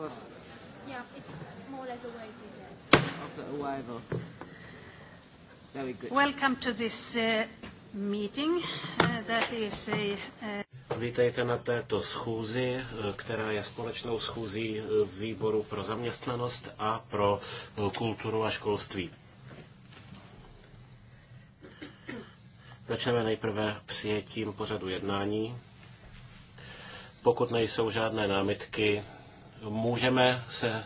yeah, it's more or less a of the arrival. Very good. Welcome to this uh, meeting. Uh, that is a, uh... Vítejte na této schůzi, uh, která je společnou schůzí uh, výboru pro zaměstnanost a pro uh, kulturu a školství. Začneme nejprve přijetím pořadu jednání. Pokud nejsou žádné námitky, Můžeme se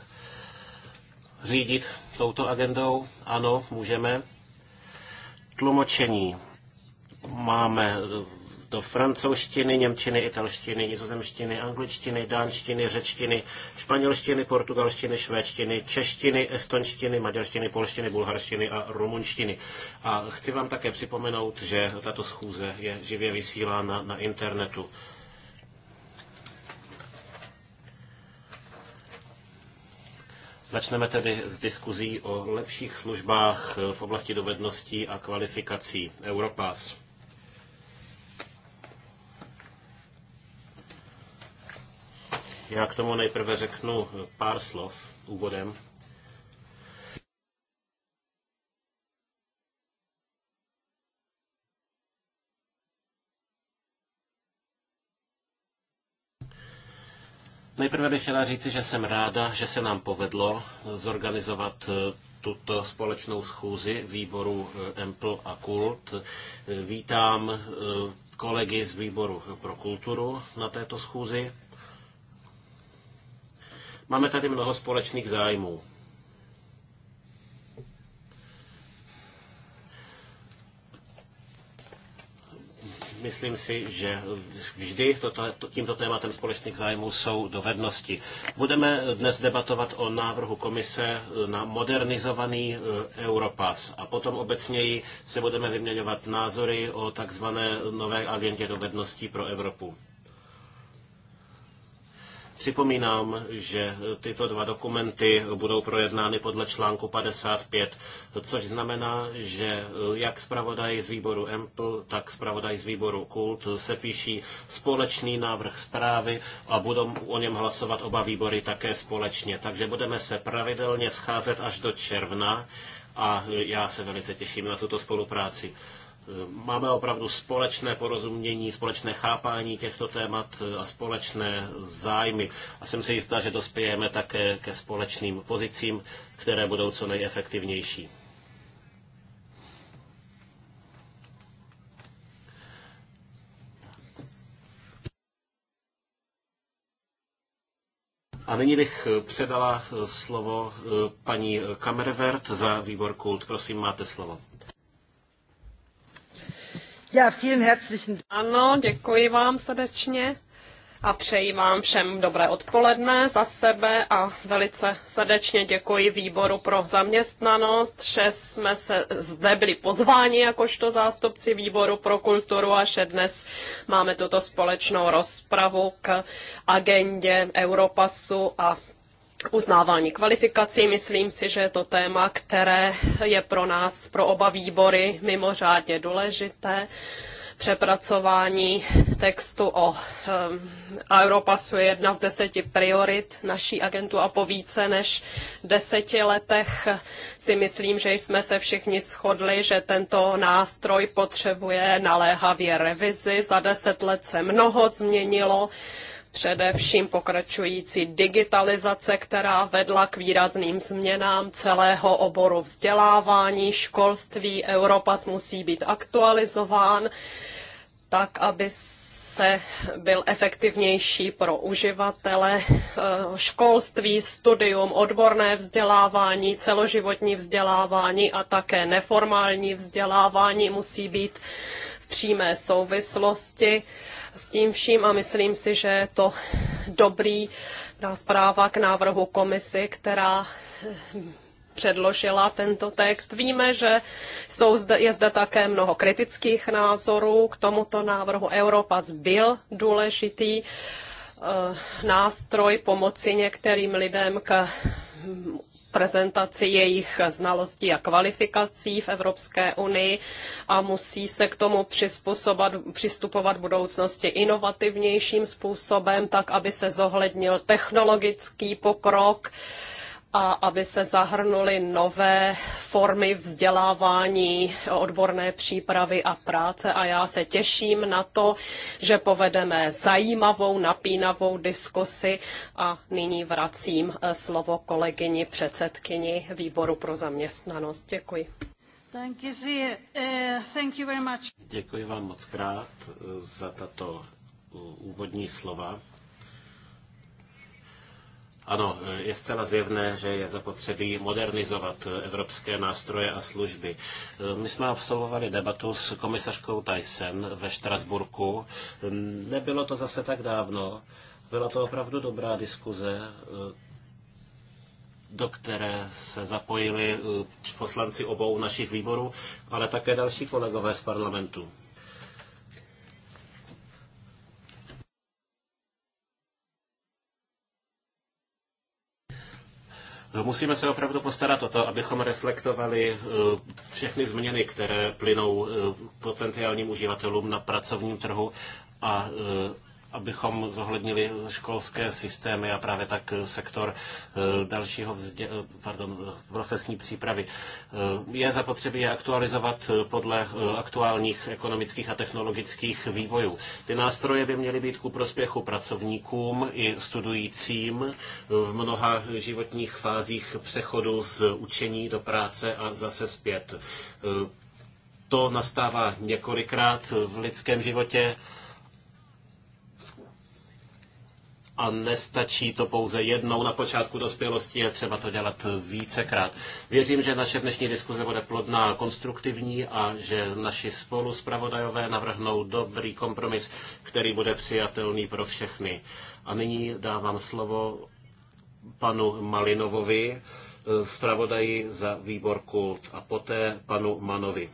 řídit touto agendou? Ano, můžeme. Tlumočení máme do francouzštiny, němčiny, italštiny, nizozemštiny, angličtiny, dánštiny, řečtiny, španělštiny, portugalštiny, švédštiny, češtiny, estonštiny, maďarštiny, polštiny, bulharštiny a rumunštiny. A chci vám také připomenout, že tato schůze je živě vysílána na internetu. Začneme tedy s diskuzí o lepších službách eh, v oblasti dovedností a kvalifikací Europass. Já k tomu nejprve řeknu eh, pár slov úvodem. Nejprve bych chtěla říci, že jsem ráda, že se nám povedlo zorganizovat eh, tuto společnou schůzi výboru eh, EMPL a KULT. Eh, vítám kolegy z výboru pro kulturu na této schůzi. Máme tady mnoho společných zájmů. Myslím si, že vždy toto, tímto tématem společných zájmů jsou dovednosti. Budeme dnes debatovat o návrhu komise na modernizovaný e, Europass a potom obecněji se budeme vyměňovat názory o takzvané nové agentě dovedností pro Evropu. Připomínám, že tyto dva dokumenty budou projednány podle článku 55, což znamená, že jak zpravodaj z výboru EMPL, tak zpravodaj z výboru KULT se píší společný návrh zprávy a budou o něm hlasovat oba výbory také společně. Takže budeme se pravidelně scházet až do června a já se velice těším na tuto spolupráci. Eh, máme opravdu společné porozumění, společné chápání těchto témat eh, a společné zájmy. A jsem si jistá, že dospějeme také ke společným pozicím, které budou co nejefektivnější. A nyní bych eh, předala slovo paní Kamervert za výbor Kult. Prosím, máte slovo. Já vielen herzlichen Ano, děkuji vám srdečně a přeji vám všem dobré odpoledne za sebe a velice srdečně děkuji výboru pro zaměstnanost. Šest jsme se zde byli pozváni jakožto zástupci výboru pro kulturu a že dnes máme tuto společnou rozpravu k agendě Europasu a uznávání kvalifikací. Myslím si, že je to téma, které je pro nás, pro oba výbory, mimořádně důležité. Přepracování textu o um, Europasu je jedna z deseti priorit naší agentu a po více než deseti letech si myslím, že jsme se všichni shodli, že tento nástroj potřebuje naléhavě revizi. Za deset let se mnoho změnilo především pokračující digitalizace, která vedla k výrazným změnám celého oboru vzdělávání, školství. Europa musí být aktualizován tak, aby se byl efektivnější pro uživatele eh, školství, studium, odborné vzdělávání, celoživotní vzdělávání a také neformální vzdělávání musí být v přímé souvislosti s tím vším a myslím si, že je to dobrý zpráva k návrhu komisy, která hm, předložila tento text. Víme, že jsou zde, je zde také mnoho kritických názorů k tomuto návrhu. Europa byl důležitý eh, nástroj pomoci některým lidem k hm, prezentaci jejich znalostí a kvalifikací v Evropské unii a musí se k tomu přistupovat v budoucnosti inovativnějším způsobem, tak aby se zohlednil technologický pokrok, a aby se zahrnuly nové formy vzdělávání, odborné přípravy a práce. A já se těším na to, že povedeme zajímavou, napínavou diskusi. A nyní vracím eh, slovo kolegyni předsedkyni Výboru pro zaměstnanost. Děkuji. Eh, Děkuji vám moc krát eh, za tato úvodní slova. Ano, je zcela zjevné, že je zapotřebí modernizovat evropské nástroje a služby. My jsme absolvovali debatu s komisařkou Tyson ve Štrasburku. Nebylo to zase tak dávno. Byla to opravdu dobrá diskuze, do které se zapojili eh, poslanci obou našich výborů, ale také další kolegové z parlamentu. Musíme se opravdu postarat o to, abychom reflektovali eh, všechny změny, které plynou eh, potenciálním uživatelům na pracovním trhu a eh, abychom zohlednili školské systémy a právě tak sektor eh, dalšího vzdě, pardon, profesní přípravy. Eh, je zapotřebí je aktualizovat podle eh, aktuálních ekonomických a technologických vývojů. Ty nástroje by měly být ku prospěchu pracovníkům i studujícím v mnoha životních fázích přechodu z učení do práce a zase zpět. To nastává několikrát v lidském životě a nestačí to pouze jednou na počátku dospělosti, je třeba to dělat vícekrát. Věřím, že naše dnešní diskuze bude plodná, konstruktivní a že naši spolu zpravodajové navrhnou dobrý kompromis, který bude přijatelný pro všechny. A nyní dávám slovo panu Malinovovi, eh, zpravodaji za výbor Kult a poté panu Manovi,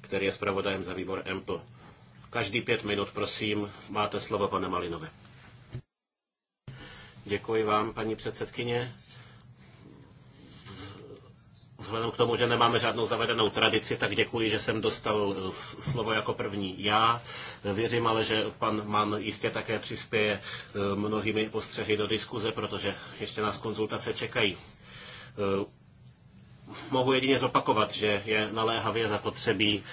který je zpravodajem za výbor Empl. Každý pět minut, prosím, máte slovo, pane Malinové. Děkuji vám, paní předsedkyně. Vzhledem k tomu, že nemáme žádnou zavedenou tradici, tak děkuji, že jsem dostal eh, slovo jako první já. Věřím ale, že pan Mann jistě také přispěje eh, mnohými postřehy do diskuze, protože ještě nás konzultace čekají. Eh, mohu jedině zopakovat, že je naléhavě zapotřebí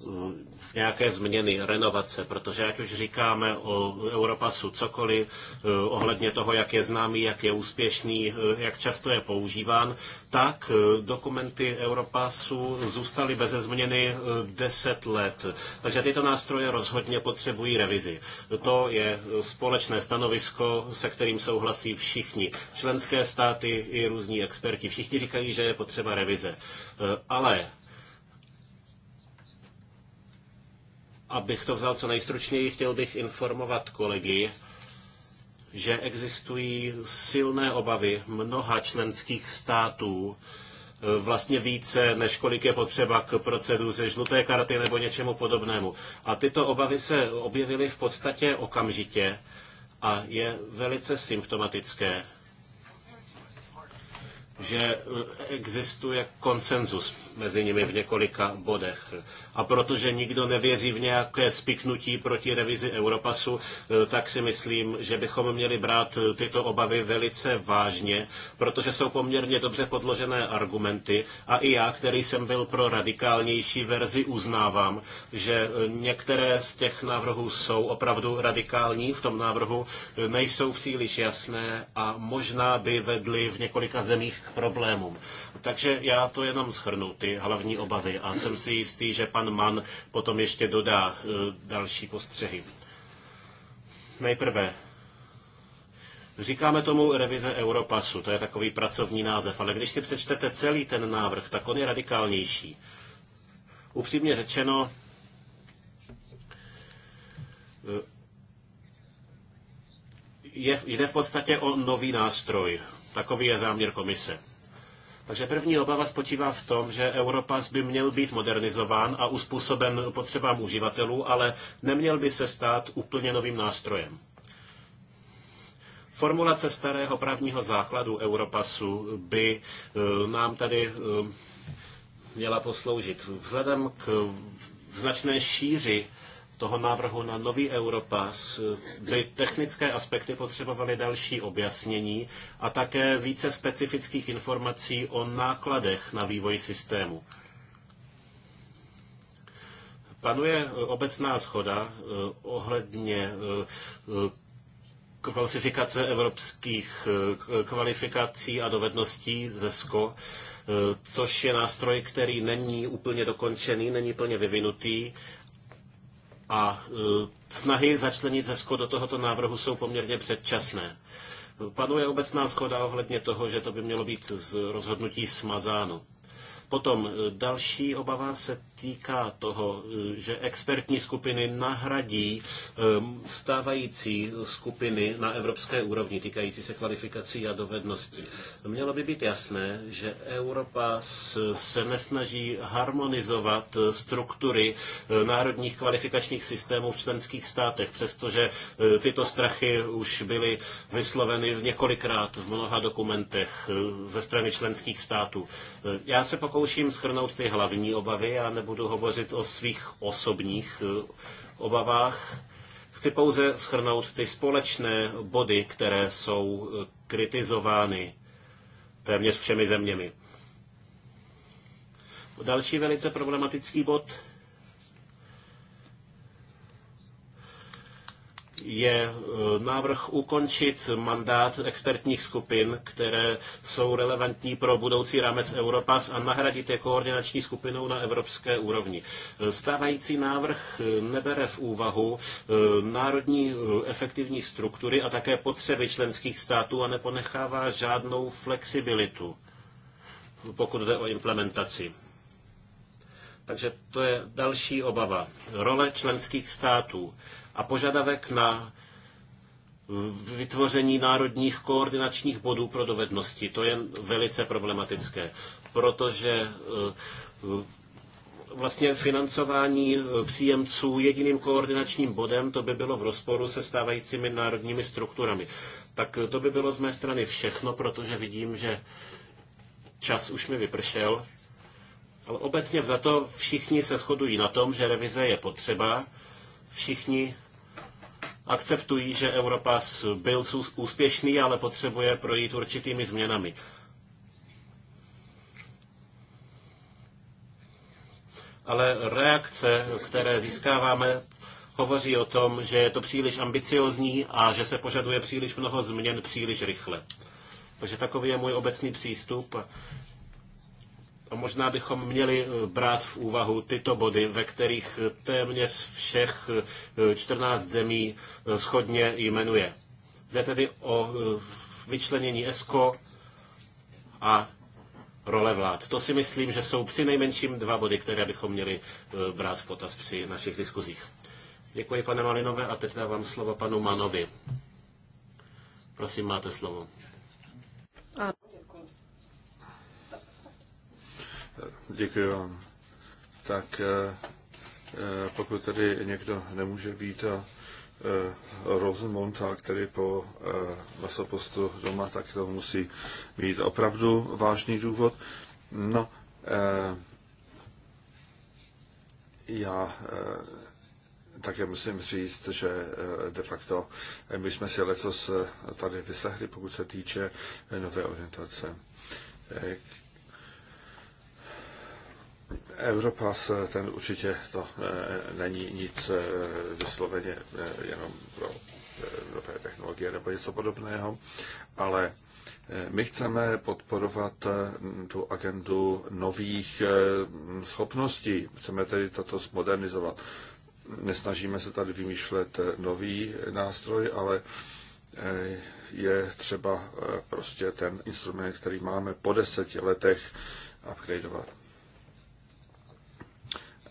Eh, nějaké změny, renovace, protože ať už říkáme o Europasu cokoliv, eh, ohledně toho, jak je známý, jak je úspěšný, eh, jak často je používán, tak dokumenty Europasu zůstaly bez změny 10 let. Takže tyto nástroje rozhodně potřebují revizi. To je společné stanovisko, se kterým souhlasí všichni. Členské státy i různí experti. Všichni říkají, že je potřeba revize. Ale Abych to vzal co nejstručněji, chtěl bych informovat kolegy, že existují silné obavy mnoha členských států, eh, vlastně více, než kolik je potřeba k proceduře žluté karty nebo něčemu podobnému. A tyto obavy se objevily v podstatě okamžitě a je velice symptomatické, že eh, existuje konsenzus mezi nimi v několika bodech. A protože nikdo nevěří v nějaké spiknutí proti revizi Europasu, eh, tak si myslím, že bychom měli brát eh, tyto obavy velice vážně, protože jsou poměrně dobře podložené argumenty. A i já, který jsem byl pro radikálnější verzi, uznávám, že některé z těch návrhů jsou opravdu radikální v tom návrhu, nejsou příliš jasné a možná by vedly v několika zemích k problémům. Takže já to jenom schrnu, ty hlavní obavy, a jsem si jistý, že pan Mann potom ještě dodá e, další postřehy. Nejprve Říkáme tomu revize Europasu, to je takový pracovní název, ale když si přečtete celý ten návrh, tak on je radikálnější. Upřímně řečeno, e, je, jde v podstatě o nový nástroj, Takový je záměr komise. Takže první obava spočívá v tom, že Europas by měl být modernizován a uspůsoben potřebám uživatelů, ale neměl by se stát úplně novým nástrojem. Formulace starého právního základu Europasu by eh, nám tady eh, měla posloužit. Vzhledem k značné šíři toho návrhu na nový Europas by technické aspekty potřebovaly další objasnění a také více specifických informací o nákladech na vývoj systému. Panuje obecná schoda eh, ohledně eh, kvalifikace evropských eh, kvalifikací a dovedností ze SKO, což je nástroj, který není úplně dokončený, není plně vyvinutý a e, snahy začlenit ZESCO do tohoto návrhu jsou poměrně předčasné. Panuje obecná schoda ohledně toho, že to by mělo být z rozhodnutí smazáno. Potom e, další obava se týká toho, e, že expertní skupiny nahradí e, stávající skupiny na evropské úrovni týkající se kvalifikací a dovedností. Mělo by být jasné, že Evropa se nesnaží harmonizovat e, struktury národních kvalifikačních systémů v členských státech, přestože tyto strachy už byly vysloveny několikrát v mnoha dokumentech ze strany členských států. Já se pokouším schrnout ty hlavní obavy, a budu hovořit o svých osobních eh, obavách. Chci pouze schrnout ty společné body, které jsou eh, kritizovány téměř všemi zeměmi. Další velice problematický bod je eh, návrh ukončit mandát expertních skupin, které jsou relevantní pro budoucí rámec Europass a nahradit je koordinační skupinou na evropské úrovni. Eh, stávající návrh eh, nebere v úvahu národní efektivní struktury a také potřeby členských států a neponechává žádnou flexibilitu, pokud jde o implementaci. Takže to je další obava. Role členských států a požadavek na vytvoření národních koordinačních bodů pro dovednosti. To je velice problematické, protože eh, vlastně financování eh, příjemců jediným koordinačním bodem, to by bylo v rozporu se stávajícími národními strukturami. Tak eh, to by bylo z mé strany všechno, protože vidím, že čas už mi vypršel. Ale obecně vzato všichni se shodují na tom, že revize je potřeba. Všichni akceptují, že Europass byl úspěšný, ale potřebuje projít určitými změnami. Ale reakce, které získáváme, hovoří o tom, že je to příliš ambiciozní a že se požaduje příliš mnoho změn příliš rychle. Takže takový je můj obecný přístup. Možná bychom měli eh, brát v úvahu tyto body, ve kterých eh, téměř všech 14 eh, zemí schodně jmenuje. Jde tedy o vyčlenění ESCO a role vlád. To si myslím, že jsou při nejmenším dva body, které bychom měli brát v potaz při našich diskuzích. Děkuji, pane Malinové, a teď dávám slovo panu Manovi. Prosím, máte slovo. Ano. Děkuji vám. Tak eh, eh, pokud tady někdo nemůže být a eh, Rosenmont, který po masopostu doma, tak to musí být opravdu vážný důvod. No, já také musím říct, že de facto my jsme si letos tady vyslechli, pokud se týče nové orientace. Europass, ten určitě to eh, není nic eh, vysloveně eh, jenom pro nové technologie nebo něco podobného, ale my chceme podporovat tu agendu nových schopností, chceme tedy toto zmodernizovat. Nesnažíme se tady vymýšlet nový nástroj, ale je třeba prostě ten instrument, který máme po deseti letech upgradeovat.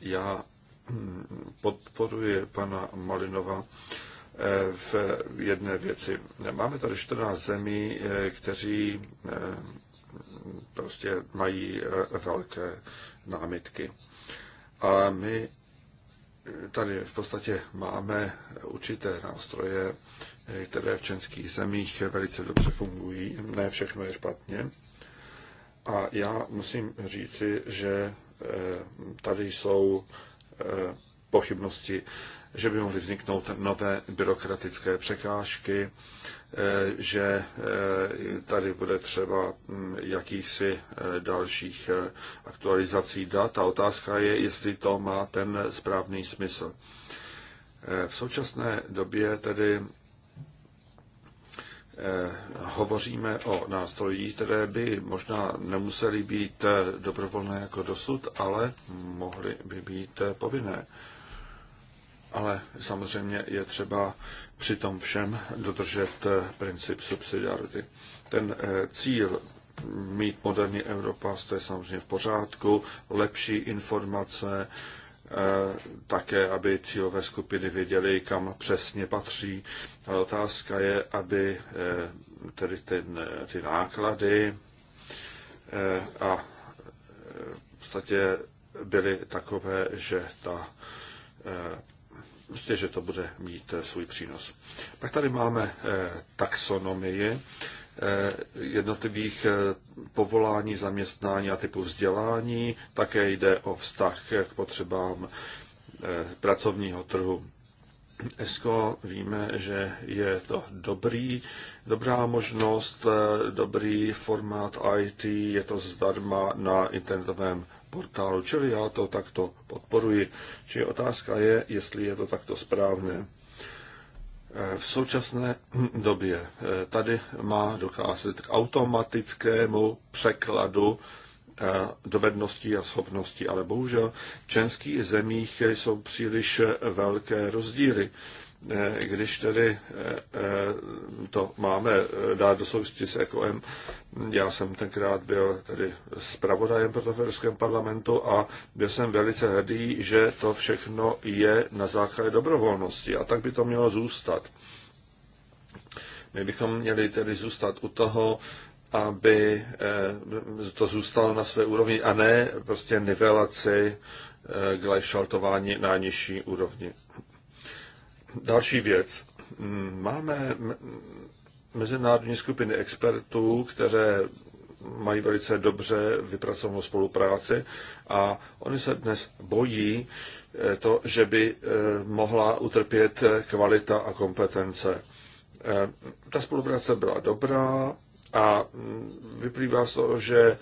Já mm, podporuji pana Malinova eh, v jedné věci. Máme tady 14 zemí, eh, kteří eh, prostě mají velké námitky. A my tady v podstatě máme určité nástroje, které v českých zemích velice dobře fungují. Ne všechno je špatně. A já musím říci, že Eh, tady jsou eh, pochybnosti, že by mohly vzniknout nové byrokratické překážky, eh, že tady bude třeba hm, jakýchsi dalších aktualizací dat a otázka je, jestli to má ten správný smysl. V současné době tedy Eh, hovoříme o nástrojích, které by možná nemusely být eh, dobrovolné jako dosud, ale mohly by být eh, povinné. Ale samozřejmě je třeba při tom všem dodržet princip subsidiarity. Ten cíl mít moderní Evropa, to je samozřejmě v pořádku, lepší informace, Eh, také, aby cílové skupiny věděly, kam přesně patří. Ale otázka je, aby eh, tedy ten, eh, ty náklady a v podstatě byly takové, že ta prostě, že to bude mít svůj přínos. Pak tady máme taxonomii Eh, jednotlivých eh, povolání, zaměstnání a typu vzdělání. Také jde o vztah k potřebám eh, pracovního trhu. ESCO víme, že je to dobrý, dobrá možnost, dobrý formát IT, je to zdarma na internetovém portálu, čili já to takto podporuji. Čili otázka je, jestli je to takto správné. V současné době tady má docházet k automatickému překladu eh, dovedností a schopností, ale bohužel v členských zemích jsou příliš velké rozdíly. Eh, když tedy eh, eh, to máme dát do souvislosti s EKOM, já jsem tenkrát byl tedy zpravodajem pro to v Evropském parlamentu a byl jsem velice hrdý, že to všechno je na základě dobrovolnosti a tak by to mělo zůstat. My bychom měli tedy zůstat u toho, aby to zůstalo na své úrovni a ne prostě nivelaci glajšaltování na nižší úrovni. Další věc. Mm, máme mezinárodní skupiny expertů, které mají velice dobře vypracovanou spolupráci a oni se dnes bojí eh, to, že by eh, mohla utrpět eh, kvalita a kompetence. Ta spolupráce byla dobrá a mm, vyplývá z toho, že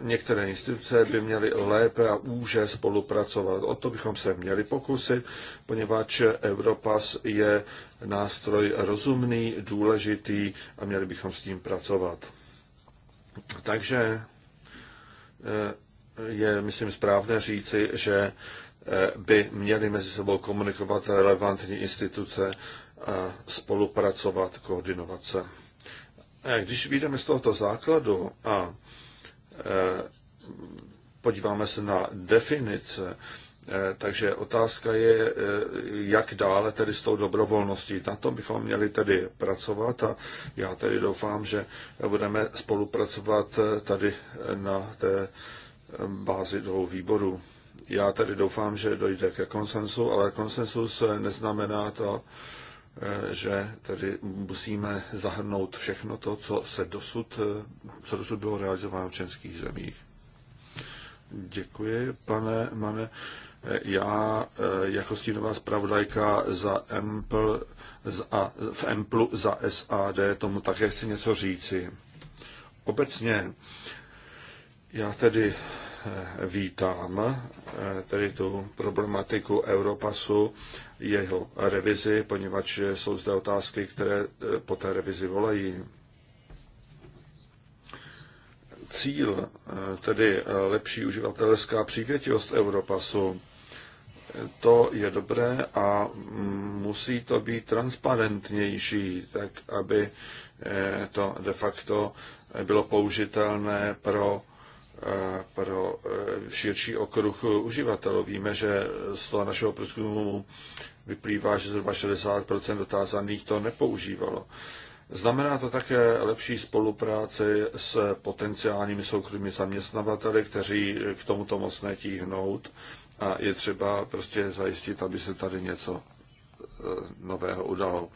některé instituce by měly lépe a úže spolupracovat. O to bychom se měli pokusit, poněvadž Europas je nástroj rozumný, důležitý a měli bychom s tím pracovat. Takže eh, je, myslím, správné říci, že eh, by měly mezi sebou komunikovat relevantní instituce a spolupracovat, koordinovat se. Eh, když vyjdeme z tohoto základu a Eh, podíváme se na definice, eh, takže otázka je, eh, jak dále tedy s tou dobrovolností. Na tom bychom měli tedy pracovat a já tedy doufám, že budeme spolupracovat tady na té bázi dvou výborů. Já tedy doufám, že dojde ke konsensu, ale konsensus neznamená to, Eh, že tedy musíme zahrnout všechno to, co se dosud, eh, co dosud bylo realizováno v českých zemích. Děkuji, pane Mane. Eh, já jako stínová zpravodajka za Empl, za, v Emplu za SAD tomu také chci něco říci. Obecně já tedy vítám tedy tu problematiku Europasu jeho revizi, poněvadž jsou zde otázky, které eh, po té revizi volají. Cíl, eh, tedy lepší uživatelská přívětivost Europasu, eh, to je dobré a musí to být transparentnější, tak aby to de facto bylo použitelné pro, pro širší okruh uživatelů. Víme, že z toho našeho průzkumu vyplývá, že zhruba 60 dotázaných to nepoužívalo. Znamená to také lepší spolupráci s potenciálními soukromými zaměstnavateli, kteří k tomuto moc netíhnout a je třeba prostě zajistit, aby se tady něco e, nového udalo.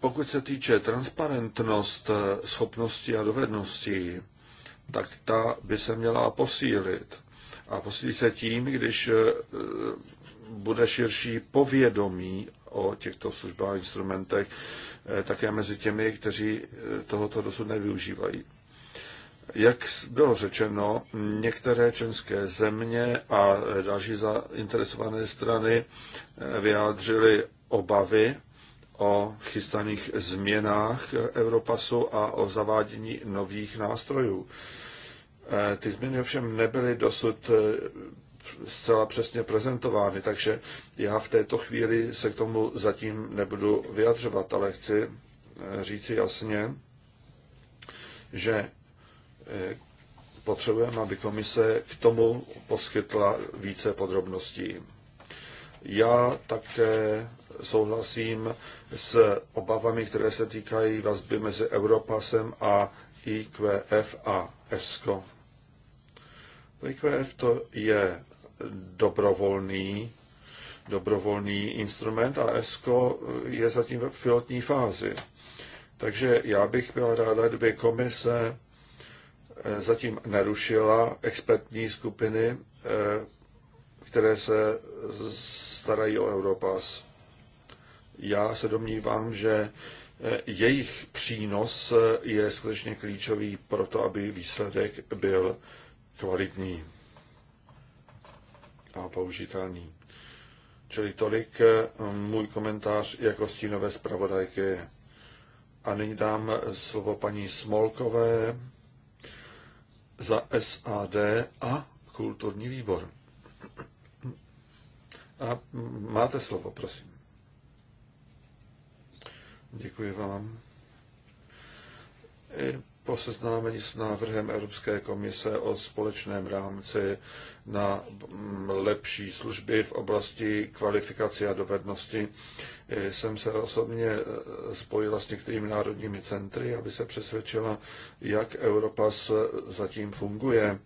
Pokud se týče transparentnost e, schopností a dovedností, tak ta by se měla posílit. A posílí se tím, když e, bude širší povědomí o těchto službách a instrumentech eh, také mezi těmi, kteří eh, tohoto dosud nevyužívají. Jak bylo řečeno, některé členské země a další zainteresované strany eh, vyjádřily obavy o chystaných změnách Europasu a o zavádění nových nástrojů. Ty změny ovšem nebyly dosud zcela přesně prezentovány, takže já v této chvíli se k tomu zatím nebudu vyjadřovat, ale chci eh, říci jasně, že eh, potřebujeme, aby komise k tomu poskytla více podrobností. Já také souhlasím s obavami, které se týkají vazby mezi Europasem a IQF a ESCO. IQF to je dobrovolný, dobrovolný instrument a ESCO je zatím v pilotní fázi. Takže já bych byl ráda, kdyby komise eh, zatím nerušila expertní skupiny, eh, které se starají o Europas. Já se domnívám, že eh, jejich přínos je skutečně klíčový pro to, aby výsledek byl kvalitní a použitelný. Čili tolik eh, můj komentář jako stínové zpravodajky. A nyní dám slovo paní Smolkové za SAD a kulturní výbor. A máte slovo, prosím. Děkuji vám po seznámení s návrhem Evropské komise o společném rámci na mm, lepší služby v oblasti kvalifikace a dovednosti e, jsem se osobně e, spojila s některými národními centry, aby se přesvědčila, jak Evropa zatím funguje.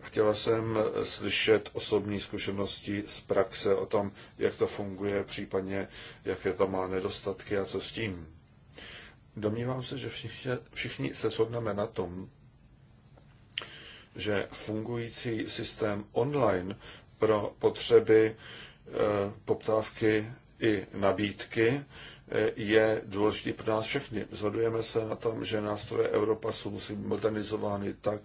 Chtěla jsem e, slyšet osobní zkušenosti z praxe o tom, jak to funguje, případně jaké to má nedostatky a co s tím. Domnívám se, že všichni, všichni se shodneme na tom, že fungující systém online pro potřeby e, poptávky i nabídky e, je důležitý pro nás všechny. Zhodujeme se na tom, že nástroje jsou musí být modernizovány tak,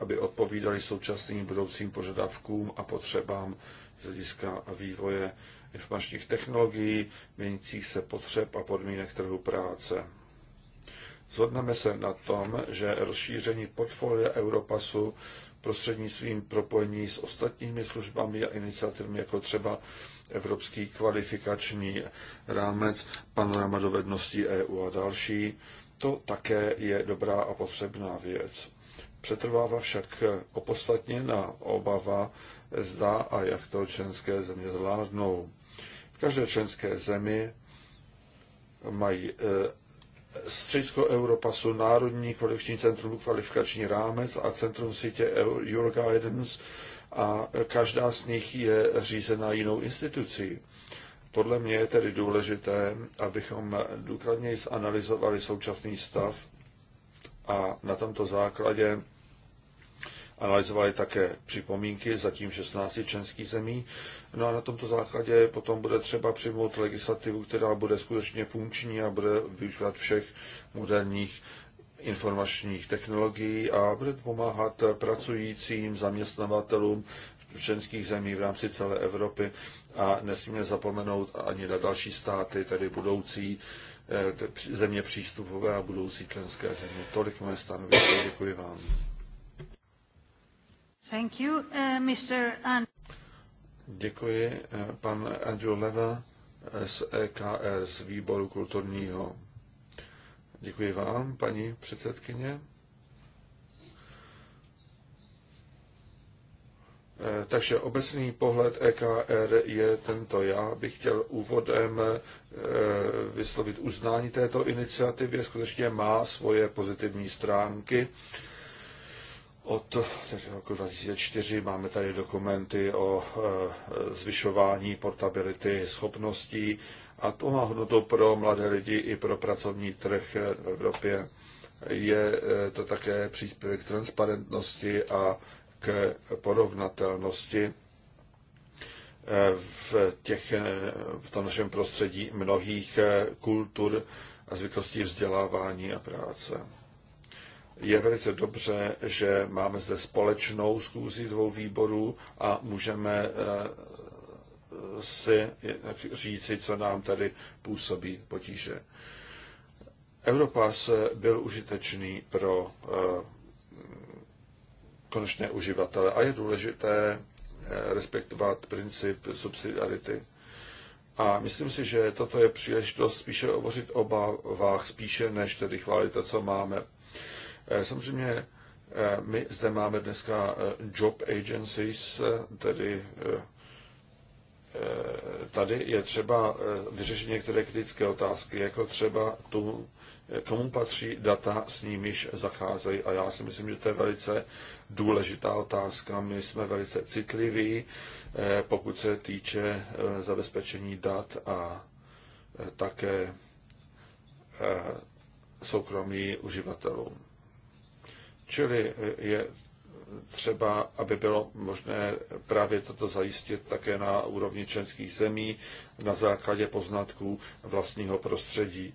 aby odpovídali současným budoucím požadavkům a potřebám z hlediska vývoje informačních technologií, měnících se potřeb a podmínek trhu práce. Zhodneme se na tom, že rozšíření portfolia Europasu prostřednictvím propojení s ostatními službami a iniciativami, jako třeba Evropský kvalifikační rámec, panorama dovedností EU a další, to také je dobrá a potřebná věc. Přetrvává však na obava, zda a jak to členské země zvládnou. V každé členské zemi mají eh, Středisko Europasu, Národní kvalifikační centrum, kvalifikační rámec a centrum sítě Euroguidance a každá z nich je řízena jinou institucí. Podle mě je tedy důležité, abychom důkladněji zanalizovali současný stav a na tomto základě analyzovali také připomínky zatím 16 členských zemí. No a na tomto základě potom bude třeba přijmout legislativu, která bude skutečně funkční a bude využívat všech moderních informačních technologií a bude pomáhat pracujícím, zaměstnavatelům v členských zemí v rámci celé Evropy a nesmíme zapomenout ani na další státy, tedy budoucí eh, země přístupové a budoucí členské země. Tolik moje stanovisko, děkuji vám. Thank you, uh, Mr. And... Děkuji, uh, pan Andrew Leva uh, z EKR, z výboru kulturního. Děkuji vám, paní předsedkyně. Uh, takže obecný pohled EKR je tento. Já bych chtěl úvodem vyslovit uznání této iniciativě. Skutečně má svoje pozitivní stránky od roku 2004 máme tady dokumenty o e, zvyšování portability schopností a to má hodnotu pro mladé lidi i pro pracovní trh v Evropě. Je e, to také příspěvek k transparentnosti a k porovnatelnosti e, v, těch, v tom našem prostředí mnohých kultur a zvyklostí vzdělávání a práce je velice dobře, že máme zde společnou schůzi dvou výborů a můžeme eh, si říci, co nám tady působí potíže. Europass byl užitečný pro eh, konečné uživatele a je důležité eh, respektovat princip subsidiarity. A myslím si, že toto je příležitost spíše hovořit o obavách, spíše než tedy chválit to, co máme. Eh, samozřejmě eh, my zde máme dneska eh, job agencies, tedy tady je třeba vyřešit některé kritické otázky, jako třeba tu, komu patří data, s nimiž zacházejí. A já si myslím, že to je velice důležitá otázka. My jsme velice citliví, pokud se týče zabezpečení dat a také soukromí uživatelům. Čili e, je třeba, aby bylo možné právě toto zajistit také na úrovni členských zemí na základě poznatků vlastního prostředí.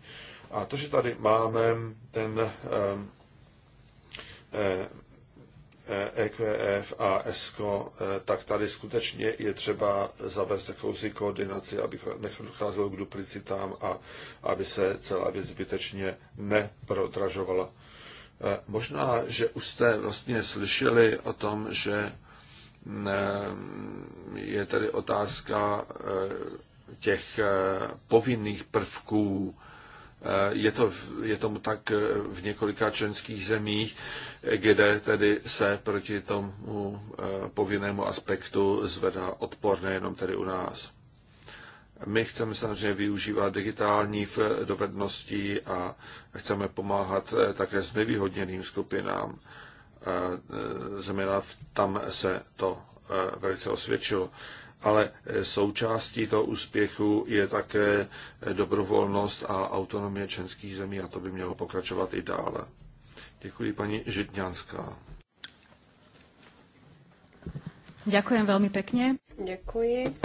A to, že tady máme ten EQF e, e, a ESCO, tak tady skutečně je třeba zavést jakousi koordinaci, aby nedocházelo k duplicitám a aby se celá věc zbytečně neprodražovala. Eh, možná, že už jste vlastně slyšeli o tom, že mm, je tady otázka eh, těch eh, povinných prvků. Je, to, je tomu tak v několika členských zemích, kde tedy se proti tomu povinnému aspektu zvedá odpor nejenom tedy u nás. My chceme samozřejmě využívat digitální eh, dovednosti a chceme pomáhat eh, také s nevýhodněným skupinám. Eh, Zeměna tam se to velice osvědčilo. Ale součástí toho úspěchu je také dobrovolnost a autonomie členských zemí a to by mělo pokračovat i dále. Děkuji paní Žitňanská. Děkuji velmi pěkně. Děkuji.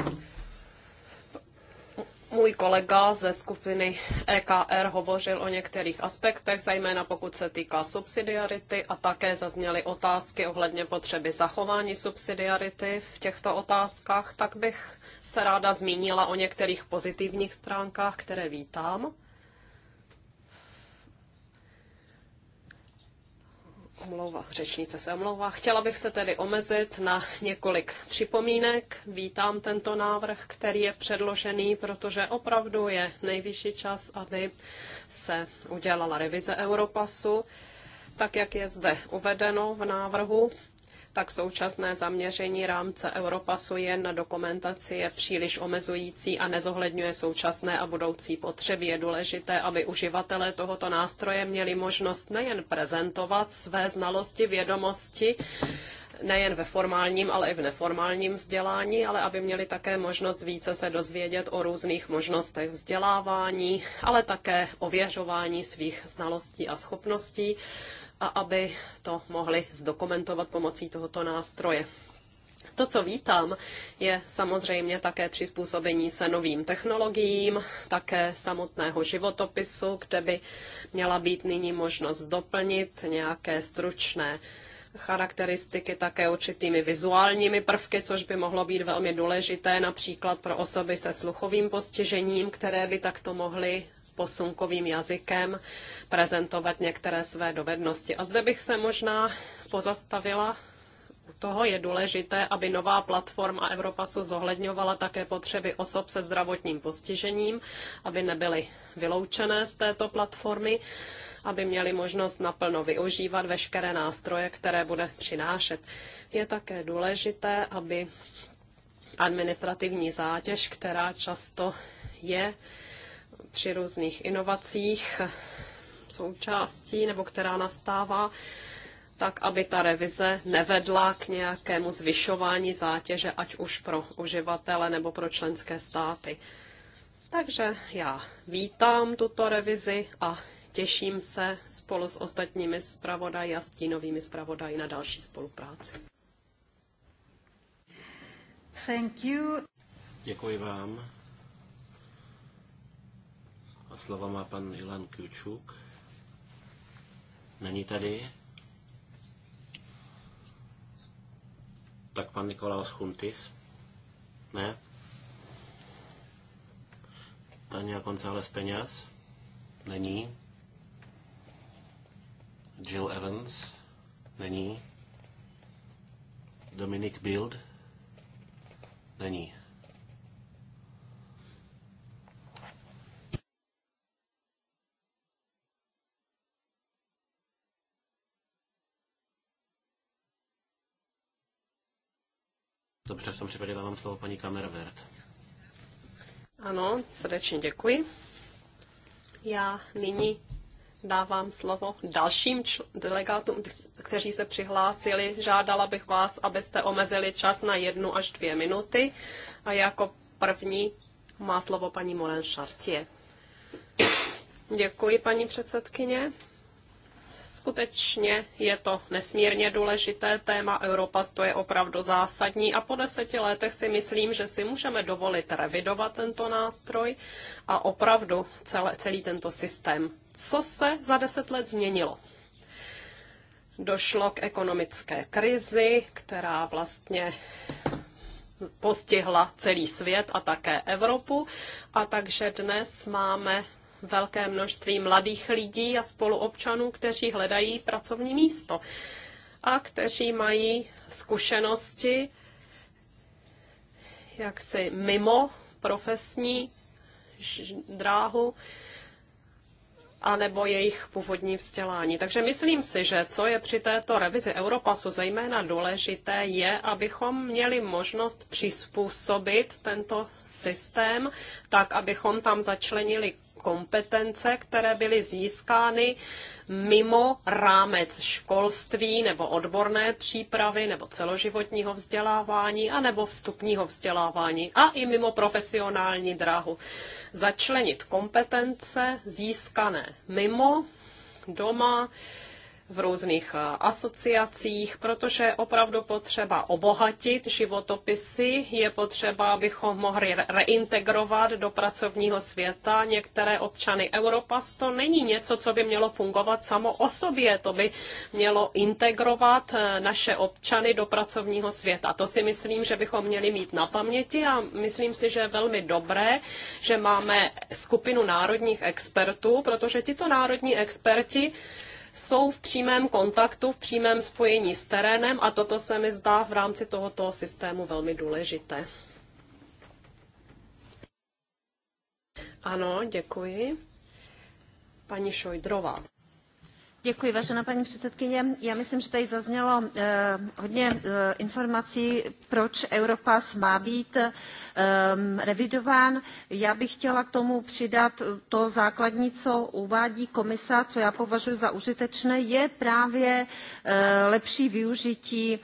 Můj kolega ze skupiny EKR hovořil o některých aspektech, zejména pokud se týká subsidiarity a také zazněly otázky ohledně potřeby zachování subsidiarity v těchto otázkách, tak bych se ráda zmínila o některých pozitivních stránkách, které vítám. Omlouvá, řečnice se omlouvá. Chtěla bych se tedy omezit na několik připomínek. Vítám tento návrh, který je předložený, protože opravdu je nejvyšší čas, aby se udělala revize Europasu, tak jak je zde uvedeno v návrhu tak současné zaměření rámce Europasu jen na dokumentaci je příliš omezující a nezohledňuje současné a budoucí potřeby. Je důležité, aby uživatelé tohoto nástroje měli možnost nejen prezentovat své znalosti, vědomosti, nejen ve formálním, ale i v neformálním vzdělání, ale aby měli také možnost více se dozvědět o různých možnostech vzdělávání, ale také ověřování svých znalostí a schopností a aby to mohli zdokumentovat pomocí tohoto nástroje. To, co vítám, je samozřejmě také přizpůsobení se novým technologiím, také samotného životopisu, kde by měla být nyní možnost doplnit nějaké stručné charakteristiky také určitými vizuálními prvky, což by mohlo být velmi důležité například pro osoby se sluchovým postižením, které by takto mohly posunkovým jazykem prezentovat některé své dovednosti. A zde bych se možná pozastavila u toho je důležité, aby nová platforma Europasu zohledňovala také potřeby osob se zdravotním postižením, aby nebyly vyloučené z této platformy, aby měly možnost naplno využívat veškeré nástroje, které bude přinášet. Je také důležité, aby administrativní zátěž, která často je, při různých inovacích součástí nebo která nastává, tak aby ta revize nevedla k nějakému zvyšování zátěže, ať už pro uživatele nebo pro členské státy. Takže já vítám tuto revizi a těším se spolu s ostatními zpravodaji a stínovými zpravodaji na další spolupráci. Thank you. Děkuji vám. Slovo má pan Ilan Kjučuk. Není tady. Tak pan Nikolaos Chuntis. Ne. Tania González Peňaz. Není. Jill Evans. Není. Dominic Bild. Není. Dobře, v tom případě dávám slovo paní Kamervert. Ano, srdečně děkuji. Já nyní dávám slovo dalším delegátům, kteří se přihlásili. Žádala bych vás, abyste omezili čas na jednu až dvě minuty. A jako první má slovo paní Moren Šartě. Děkuji, paní předsedkyně skutečně je to nesmírně důležité téma. Europa to je opravdu zásadní a po deseti letech si myslím, že si můžeme dovolit revidovat tento nástroj a opravdu celé, celý tento systém. Co se za deset let změnilo? Došlo k ekonomické krizi, která vlastně postihla celý svět a také Evropu. A takže dnes máme velké množství mladých lidí a spoluobčanů, kteří hledají pracovní místo a kteří mají zkušenosti jaksi mimo profesní dráhu anebo jejich původní vzdělání. Takže myslím si, že co je při této revizi Europasu zejména důležité, je, abychom měli možnost přizpůsobit tento systém tak, abychom tam začlenili kompetence, které byly získány mimo rámec školství nebo odborné přípravy nebo celoživotního vzdělávání a nebo vstupního vzdělávání a i mimo profesionální dráhu. Začlenit kompetence získané mimo doma, v různých eh, asociacích, protože je opravdu potřeba obohatit životopisy, je potřeba, abychom mohli reintegrovat do pracovního světa některé občany. Europas to není něco, co by mělo fungovat samo o sobě, to by mělo integrovat eh, naše občany do pracovního světa. To si myslím, že bychom měli mít na paměti a myslím si, že je velmi dobré, že máme skupinu národních expertů, protože tito národní experti jsou v přímém kontaktu, v přímém spojení s terénem a toto se mi zdá v rámci tohoto systému velmi důležité. Ano, děkuji. Paní Šojdrová. Děkuji, vážená paní předsedkyně. Já myslím, že tady zaznělo eh, hodně eh, informací, proč Europass má být eh, revidován. Já bych chtěla k tomu přidat to základní, co uvádí komisa, co já považuji za užitečné, je právě lepší využití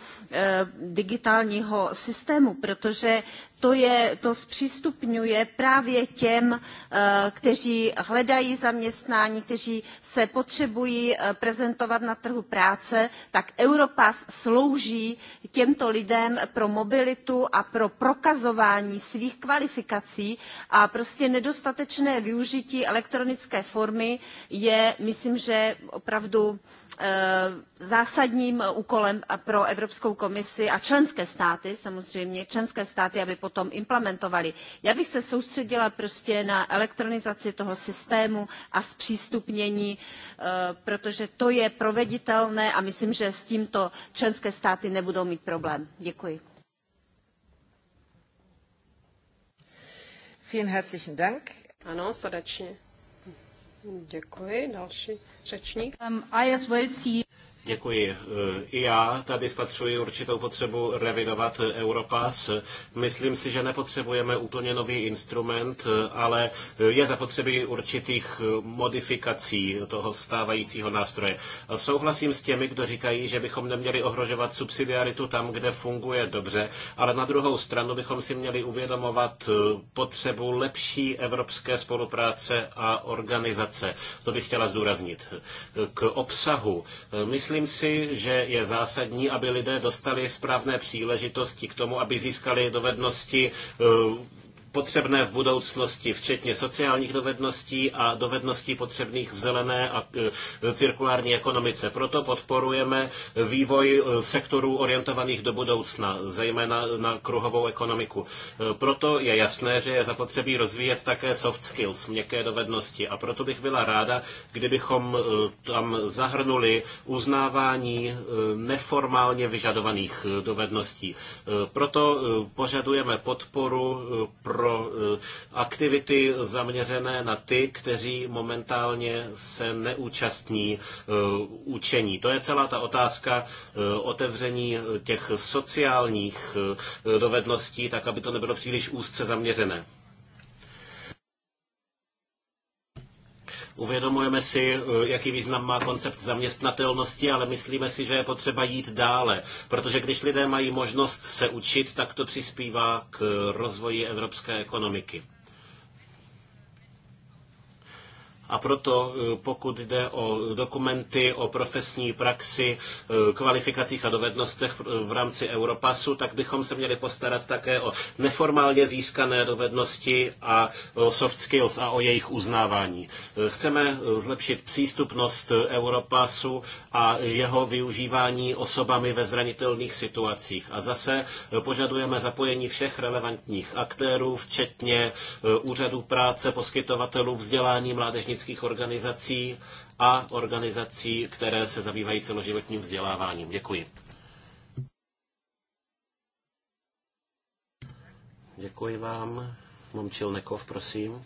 digitálního systému, protože to, je, to zpřístupňuje právě těm, eh, kteří hledají zaměstnání, kteří se potřebují eh, prezentovat na trhu práce, tak Europass slouží těmto lidem pro mobilitu a pro prokazování svých kvalifikací a prostě nedostatečné využití elektronické formy je, myslím, že opravdu eh, zásadním úkolem pro Evropskou komisi a členské státy, samozřejmě členské státy, aby pod potom implementovali. Já bych se soustředila prostě na elektronizaci toho systému a zpřístupnění, eh, protože to je proveditelné a myslím, že s tímto členské státy nebudou mít problém. Děkuji. Vielen herzlichen Dank. Ano, srdečně. Děkuji. Další řečník. Um, I as well see... Děkuji. E, I já tady spatřuji určitou potřebu revidovat Europass. Myslím si, že nepotřebujeme úplně nový instrument, e, ale je zapotřebí určitých e, modifikací toho stávajícího nástroje. Souhlasím s těmi, kdo říkají, že bychom neměli ohrožovat subsidiaritu tam, kde funguje dobře, ale na druhou stranu bychom si měli uvědomovat potřebu lepší evropské spolupráce a organizace. To bych chtěla zdůraznit. K obsahu. Myslím, Myslím si, že je zásadní, aby lidé dostali správné příležitosti k tomu, aby získali dovednosti eh, potřebné v budoucnosti, včetně sociálních dovedností a dovedností potřebných v zelené a e, cirkulární ekonomice. Proto podporujeme vývoj e, sektorů orientovaných do budoucna, zejména na kruhovou ekonomiku. E, proto je jasné, že je zapotřebí rozvíjet také soft skills, měkké dovednosti. A proto bych byla ráda, kdybychom tam zahrnuli uznávání neformálně vyžadovaných dovedností. Proto požadujeme podporu pro pro eh, aktivity zaměřené na ty, kteří momentálně se neúčastní eh, učení. To je celá ta otázka eh, otevření těch sociálních dovedností, tak aby to nebylo příliš úzce zaměřené. Uvědomujeme si, eh, jaký význam má koncept zaměstnatelnosti, ale myslíme si, že je potřeba jít dále, protože když lidé mají možnost se učit, tak to přispívá k rozvoji evropské ekonomiky. A proto, e, pokud jde o dokumenty, o profesní praxi, e, kvalifikacích a dovednostech v rámci Europasu, tak bychom se měli postarat také o neformálně získané dovednosti a o soft skills a o jejich uznávání. E, chceme zlepšit přístupnost Europasu a jeho využívání osobami ve zranitelných situacích. A zase požadujeme zapojení všech relevantních aktérů, včetně úřadů práce, poskytovatelů vzdělání, mládežnických neziskových organizací a organizací, které se zabývají celoživotním vzděláváním. Děkuji. Děkuji vám. Momčil Nekov, prosím.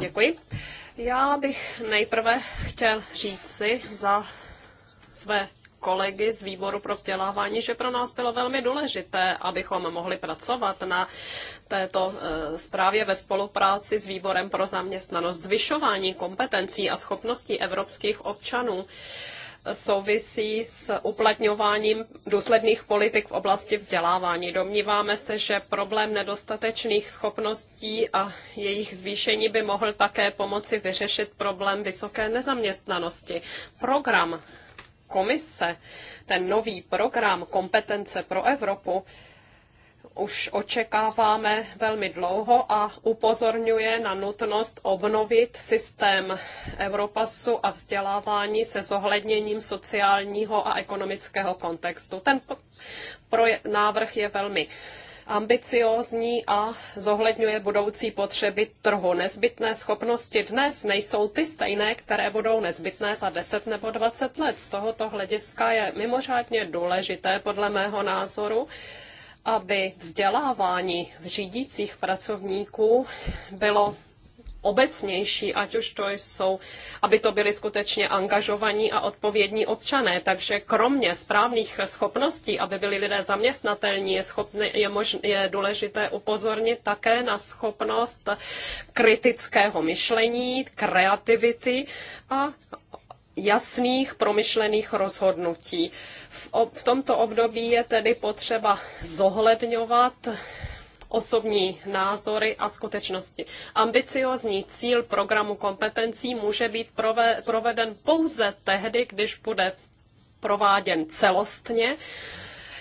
Děkuji. Já bych nejprve chtěl říct si za své kolegy z výboru pro vzdělávání, že pro nás bylo velmi důležité, abychom mohli pracovat na této eh, zprávě ve spolupráci s výborem pro zaměstnanost. Zvyšování kompetencí a schopností evropských občanů souvisí s uplatňováním důsledných politik v oblasti vzdělávání. Domníváme se, že problém nedostatečných schopností a jejich zvýšení by mohl také pomoci vyřešit problém vysoké nezaměstnanosti. Program komise, ten nový program Kompetence pro Evropu, už očekáváme velmi dlouho a upozorňuje na nutnost obnovit systém Evropasu a vzdělávání se zohledněním sociálního a ekonomického kontextu. Ten návrh je velmi ambiciózní a zohledňuje budoucí potřeby trhu. Nezbytné schopnosti dnes nejsou ty stejné, které budou nezbytné za 10 nebo 20 let. Z tohoto hlediska je mimořádně důležité, podle mého názoru, aby vzdělávání řídících pracovníků bylo obecnější, ať už to jsou, aby to byli skutečně angažovaní a odpovědní občané. Takže kromě správných schopností, aby byli lidé zaměstnatelní, je, schopny, je, možn, je důležité upozornit také na schopnost kritického myšlení, kreativity a jasných promyšlených rozhodnutí. V, v tomto období je tedy potřeba zohledňovat osobní názory a skutečnosti. Ambiciozní cíl programu kompetencí může být proveden pouze tehdy, když bude prováděn celostně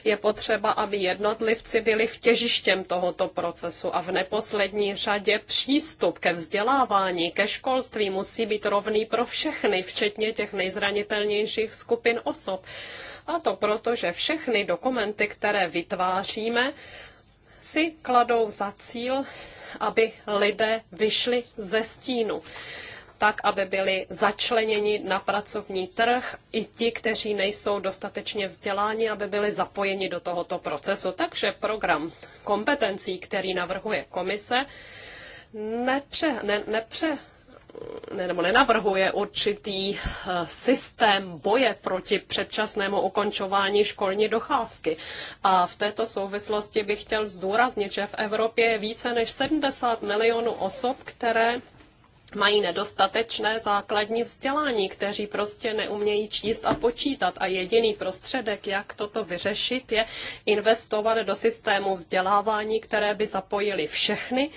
je potřeba, aby jednotlivci byli v těžištěm tohoto procesu a v neposlední řadě přístup ke vzdělávání, ke školství musí být rovný pro všechny, včetně těch nejzranitelnějších skupin osob. A to proto, že všechny dokumenty, které vytváříme, si kladou za cíl, aby lidé vyšli ze stínu tak, aby byli začleněni na pracovní trh i ti, kteří nejsou dostatečně vzděláni, aby byli zapojeni do tohoto procesu. Takže program kompetencí, který navrhuje komise, nepře, ne, nepře, nebo nenavrhuje určitý eh, systém boje proti předčasnému ukončování školní docházky. A v této souvislosti bych chtěl zdůraznit, že v Evropě je více než 70 milionů osob, které mají nedostatečné základní vzdělání, kteří prostě neumějí číst a počítat a jediný prostředek, jak toto vyřešit, je investovat do systému vzdělávání, které by zapojili všechny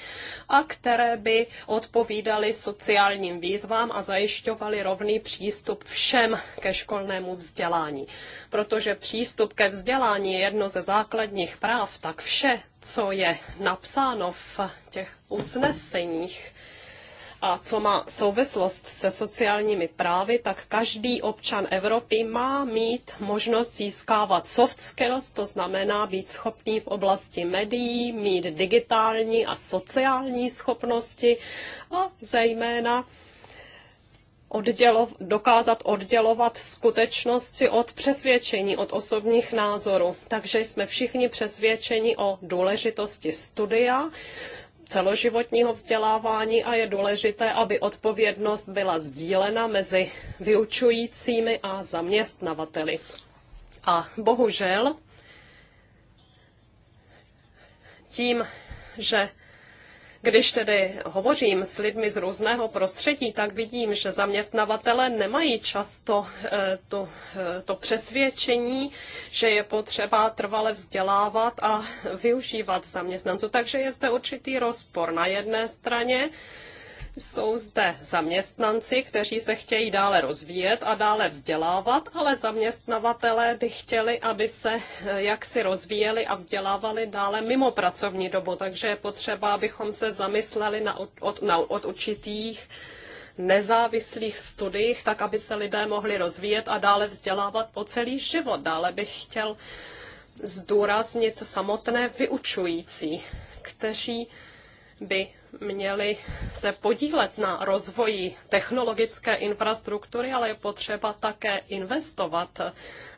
a které by odpovídaly sociálním výzvám a zajišťovaly rovný přístup všem ke školnému vzdělání. Protože přístup ke vzdělání je jedno ze základních práv, tak vše, co je napsáno v těch usneseních, a co má souvislost se sociálními právy, tak každý občan Evropy má mít možnost získávat soft skills, to znamená být schopný v oblasti médií, mít digitální a sociální schopnosti a zejména oddělo, dokázat oddělovat skutečnosti od přesvědčení, od osobních názorů. Takže jsme všichni přesvědčeni o důležitosti studia celoživotního vzdělávání a je důležité, aby odpovědnost byla sdílena mezi vyučujícími a zaměstnavateli. A bohužel tím, že když tedy hovořím s lidmi z různého prostředí, tak vidím, že zaměstnavatele nemají často eh, to, eh, to přesvědčení, že je potřeba trvale vzdělávat a využívat zaměstnanců. Takže je zde určitý rozpor. Na jedné straně jsou zde zaměstnanci, kteří se chtějí dále rozvíjet a dále vzdělávat, ale zaměstnavatelé by chtěli, aby se eh, jaksi rozvíjeli a vzdělávali dále mimo pracovní dobu. Takže je potřeba, abychom se zamysleli na, od, na, od určitých nezávislých studiích, tak aby se lidé mohli rozvíjet a dále vzdělávat po celý život. Dále bych chtěl zdůraznit samotné vyučující, kteří by měli se podílet na rozvoji technologické infrastruktury, ale je potřeba také investovat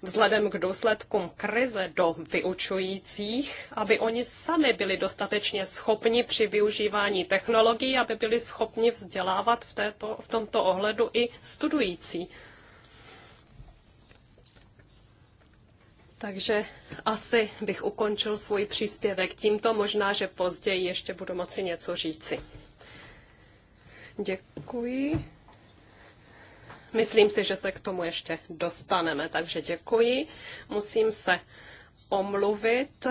vzhledem k důsledkům krize do vyučujících, aby oni sami byli dostatečně schopni při využívání technologií, aby byli schopni vzdělávat v, této, v tomto ohledu i studující. Takže asi bych ukončil svůj příspěvek tímto, možná, že později ještě budu moci něco říci. Děkuji. Myslím si, že se k tomu ještě dostaneme, takže děkuji. Musím se omluvit.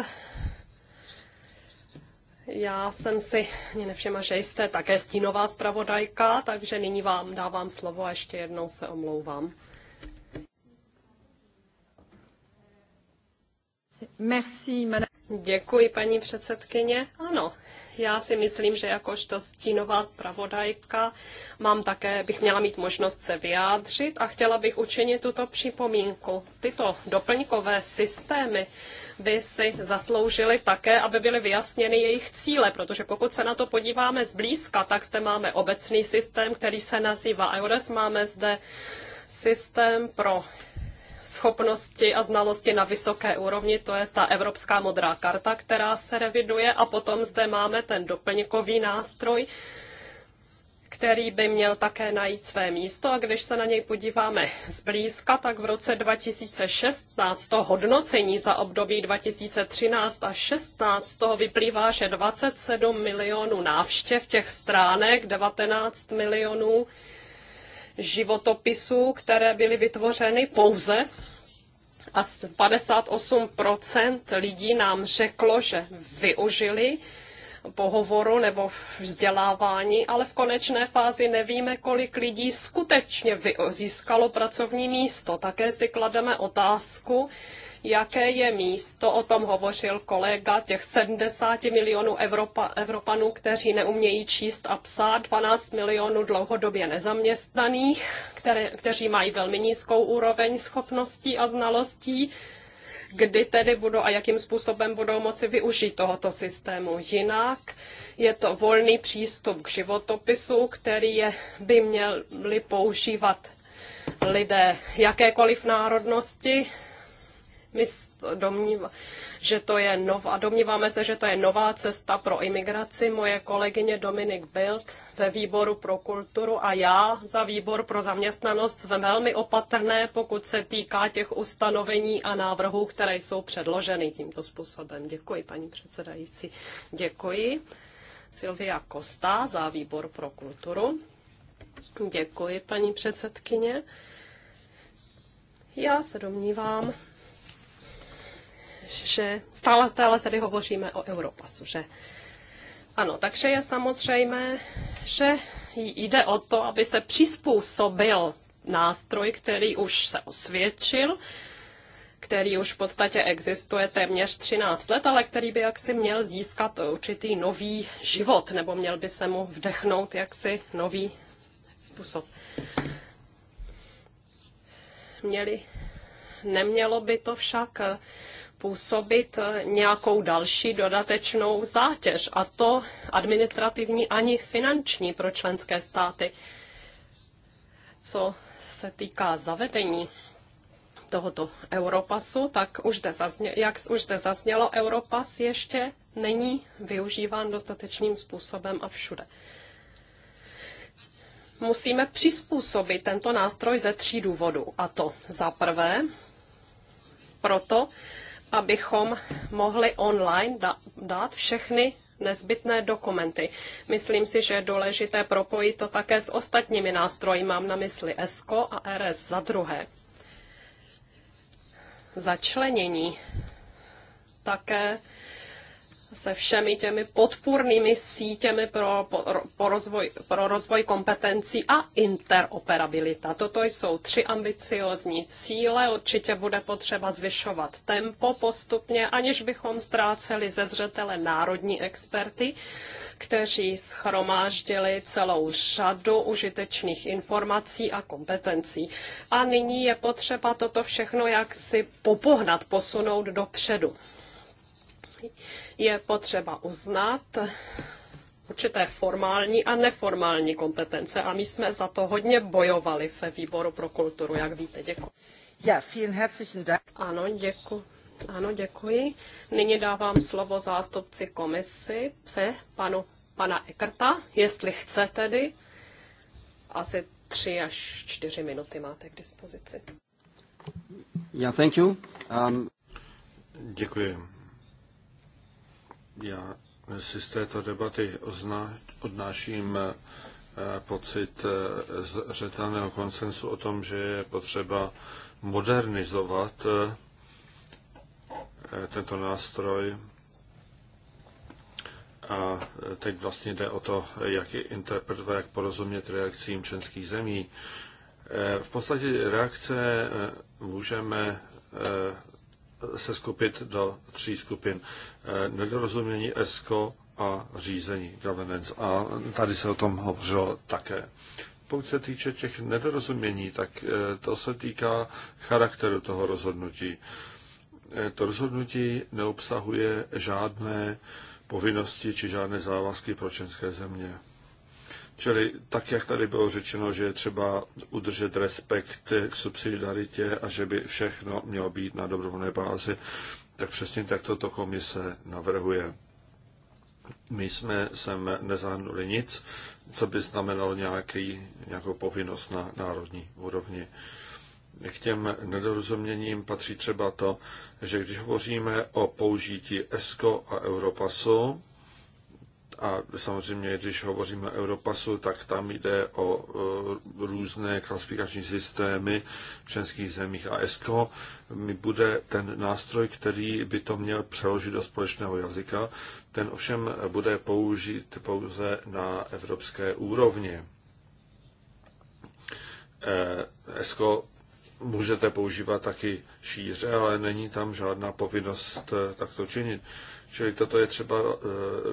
Já jsem si nevšimla, že jste také stínová zpravodajka, takže nyní vám dávám slovo a ještě jednou se omlouvám. Děkuji, paní předsedkyně. Ano, já si myslím, že jakožto stínová zpravodajka mám také, bych měla mít možnost se vyjádřit a chtěla bych učinit tuto připomínku. Tyto doplňkové systémy by si zasloužily také, aby byly vyjasněny jejich cíle, protože pokud se na to podíváme zblízka, tak zde máme obecný systém, který se nazývá EURES, máme zde systém pro schopnosti a znalosti na vysoké úrovni, to je ta Evropská modrá karta, která se reviduje a potom zde máme ten doplňkový nástroj, který by měl také najít své místo. A když se na něj podíváme zblízka, tak v roce 2016 to hodnocení za období 2013 a 16 toho vyplývá, že 27 milionů návštěv těch stránek, 19 milionů životopisů, které byly vytvořeny pouze a 58% lidí nám řeklo, že využili pohovoru nebo vzdělávání, ale v konečné fázi nevíme, kolik lidí skutečně získalo pracovní místo. Také si klademe otázku, jaké je místo, o tom hovořil kolega, těch 70 milionů Evropa, Evropanů, kteří neumějí číst a psát, 12 milionů dlouhodobě nezaměstnaných, které, kteří mají velmi nízkou úroveň schopností a znalostí kdy tedy budou a jakým způsobem budou moci využít tohoto systému. Jinak je to volný přístup k životopisu, který je, by měli používat lidé jakékoliv národnosti, my domníváme, že to je nová. domníváme se, že to je nová cesta pro imigraci. Moje kolegyně Dominik Bild ve výboru pro kulturu a já za výbor pro zaměstnanost jsme velmi opatrné, pokud se týká těch ustanovení a návrhů, které jsou předloženy tímto způsobem. Děkuji, paní předsedající. Děkuji. Silvia Kosta za výbor pro kulturu. Děkuji, paní předsedkyně. Já se domnívám, že stále, stále tady hovoříme o Europasu, že ano, takže je samozřejmé, že jde o to, aby se přizpůsobil nástroj, který už se osvědčil, který už v podstatě existuje téměř 13 let, ale který by jaksi měl získat určitý nový život, nebo měl by se mu vdechnout jaksi nový způsob. Měli, nemělo by to však působit eh, nějakou další dodatečnou zátěž, a to administrativní ani finanční pro členské státy. Co se týká zavedení tohoto Europasu, tak už zde zazně, jak už zde zaznělo, Europas ještě není využíván dostatečným způsobem a všude. Musíme přizpůsobit tento nástroj ze tří důvodů. A to za prvé, proto, abychom mohli online dát všechny nezbytné dokumenty. Myslím si, že je důležité propojit to také s ostatními nástroji. Mám na mysli ESCO a RS za druhé. Začlenění také se všemi těmi podpůrnými sítěmi pro, pro, pro, rozvoj, pro rozvoj kompetencí a interoperabilita. Toto jsou tři ambiciozní cíle. Určitě bude potřeba zvyšovat tempo postupně, aniž bychom ztráceli ze zřetele národní experty, kteří schromáždili celou řadu užitečných informací a kompetencí. A nyní je potřeba toto všechno jaksi popohnat, posunout dopředu je potřeba uznat určité formální a neformální kompetence a my jsme za to hodně bojovali ve výboru pro kulturu, jak víte. Děkuji. Ja, vielen herzlichen Dank. Ano, děkuji. Ano, děkuji. Nyní dávám slovo zástupci komisi, pře panu pana Ekrta, jestli chce tedy. Asi tři až čtyři minuty máte k dispozici. Yeah, thank you. Um... Děkuji. Já si z této debaty odnáším eh, pocit eh, zřetelného konsensu o tom, že je potřeba modernizovat eh, tento nástroj. A teď vlastně jde o to, jak je interpretovat, jak porozumět reakcím členských zemí. V podstatě reakce můžeme se skupit do tří skupin. Eh, nedorozumění ESCO a řízení, governance. A tady se o tom hovořilo také. Pokud se týče těch nedorozumění, tak eh, to se týká charakteru toho rozhodnutí. Eh, to rozhodnutí neobsahuje žádné povinnosti či žádné závazky pro české země. Čili tak, jak tady bylo řečeno, že je třeba udržet respekt k subsidiaritě a že by všechno mělo být na dobrovolné bázi, tak přesně tak toto komise navrhuje. My jsme sem nezahrnuli nic, co by znamenalo nějaký, nějakou povinnost na národní úrovni. K těm nedorozuměním patří třeba to, že když hovoříme o použití ESCO a Europasu, a samozřejmě, když hovoříme o Europasu, tak tam jde o e, různé klasifikační systémy v českých zemích a ESCO mi bude ten nástroj, který by to měl přeložit do společného jazyka, ten ovšem bude použít pouze na evropské úrovni. E, ESCO můžete používat taky šíře, ale není tam žádná povinnost eh, takto činit. Čili toto je třeba eh,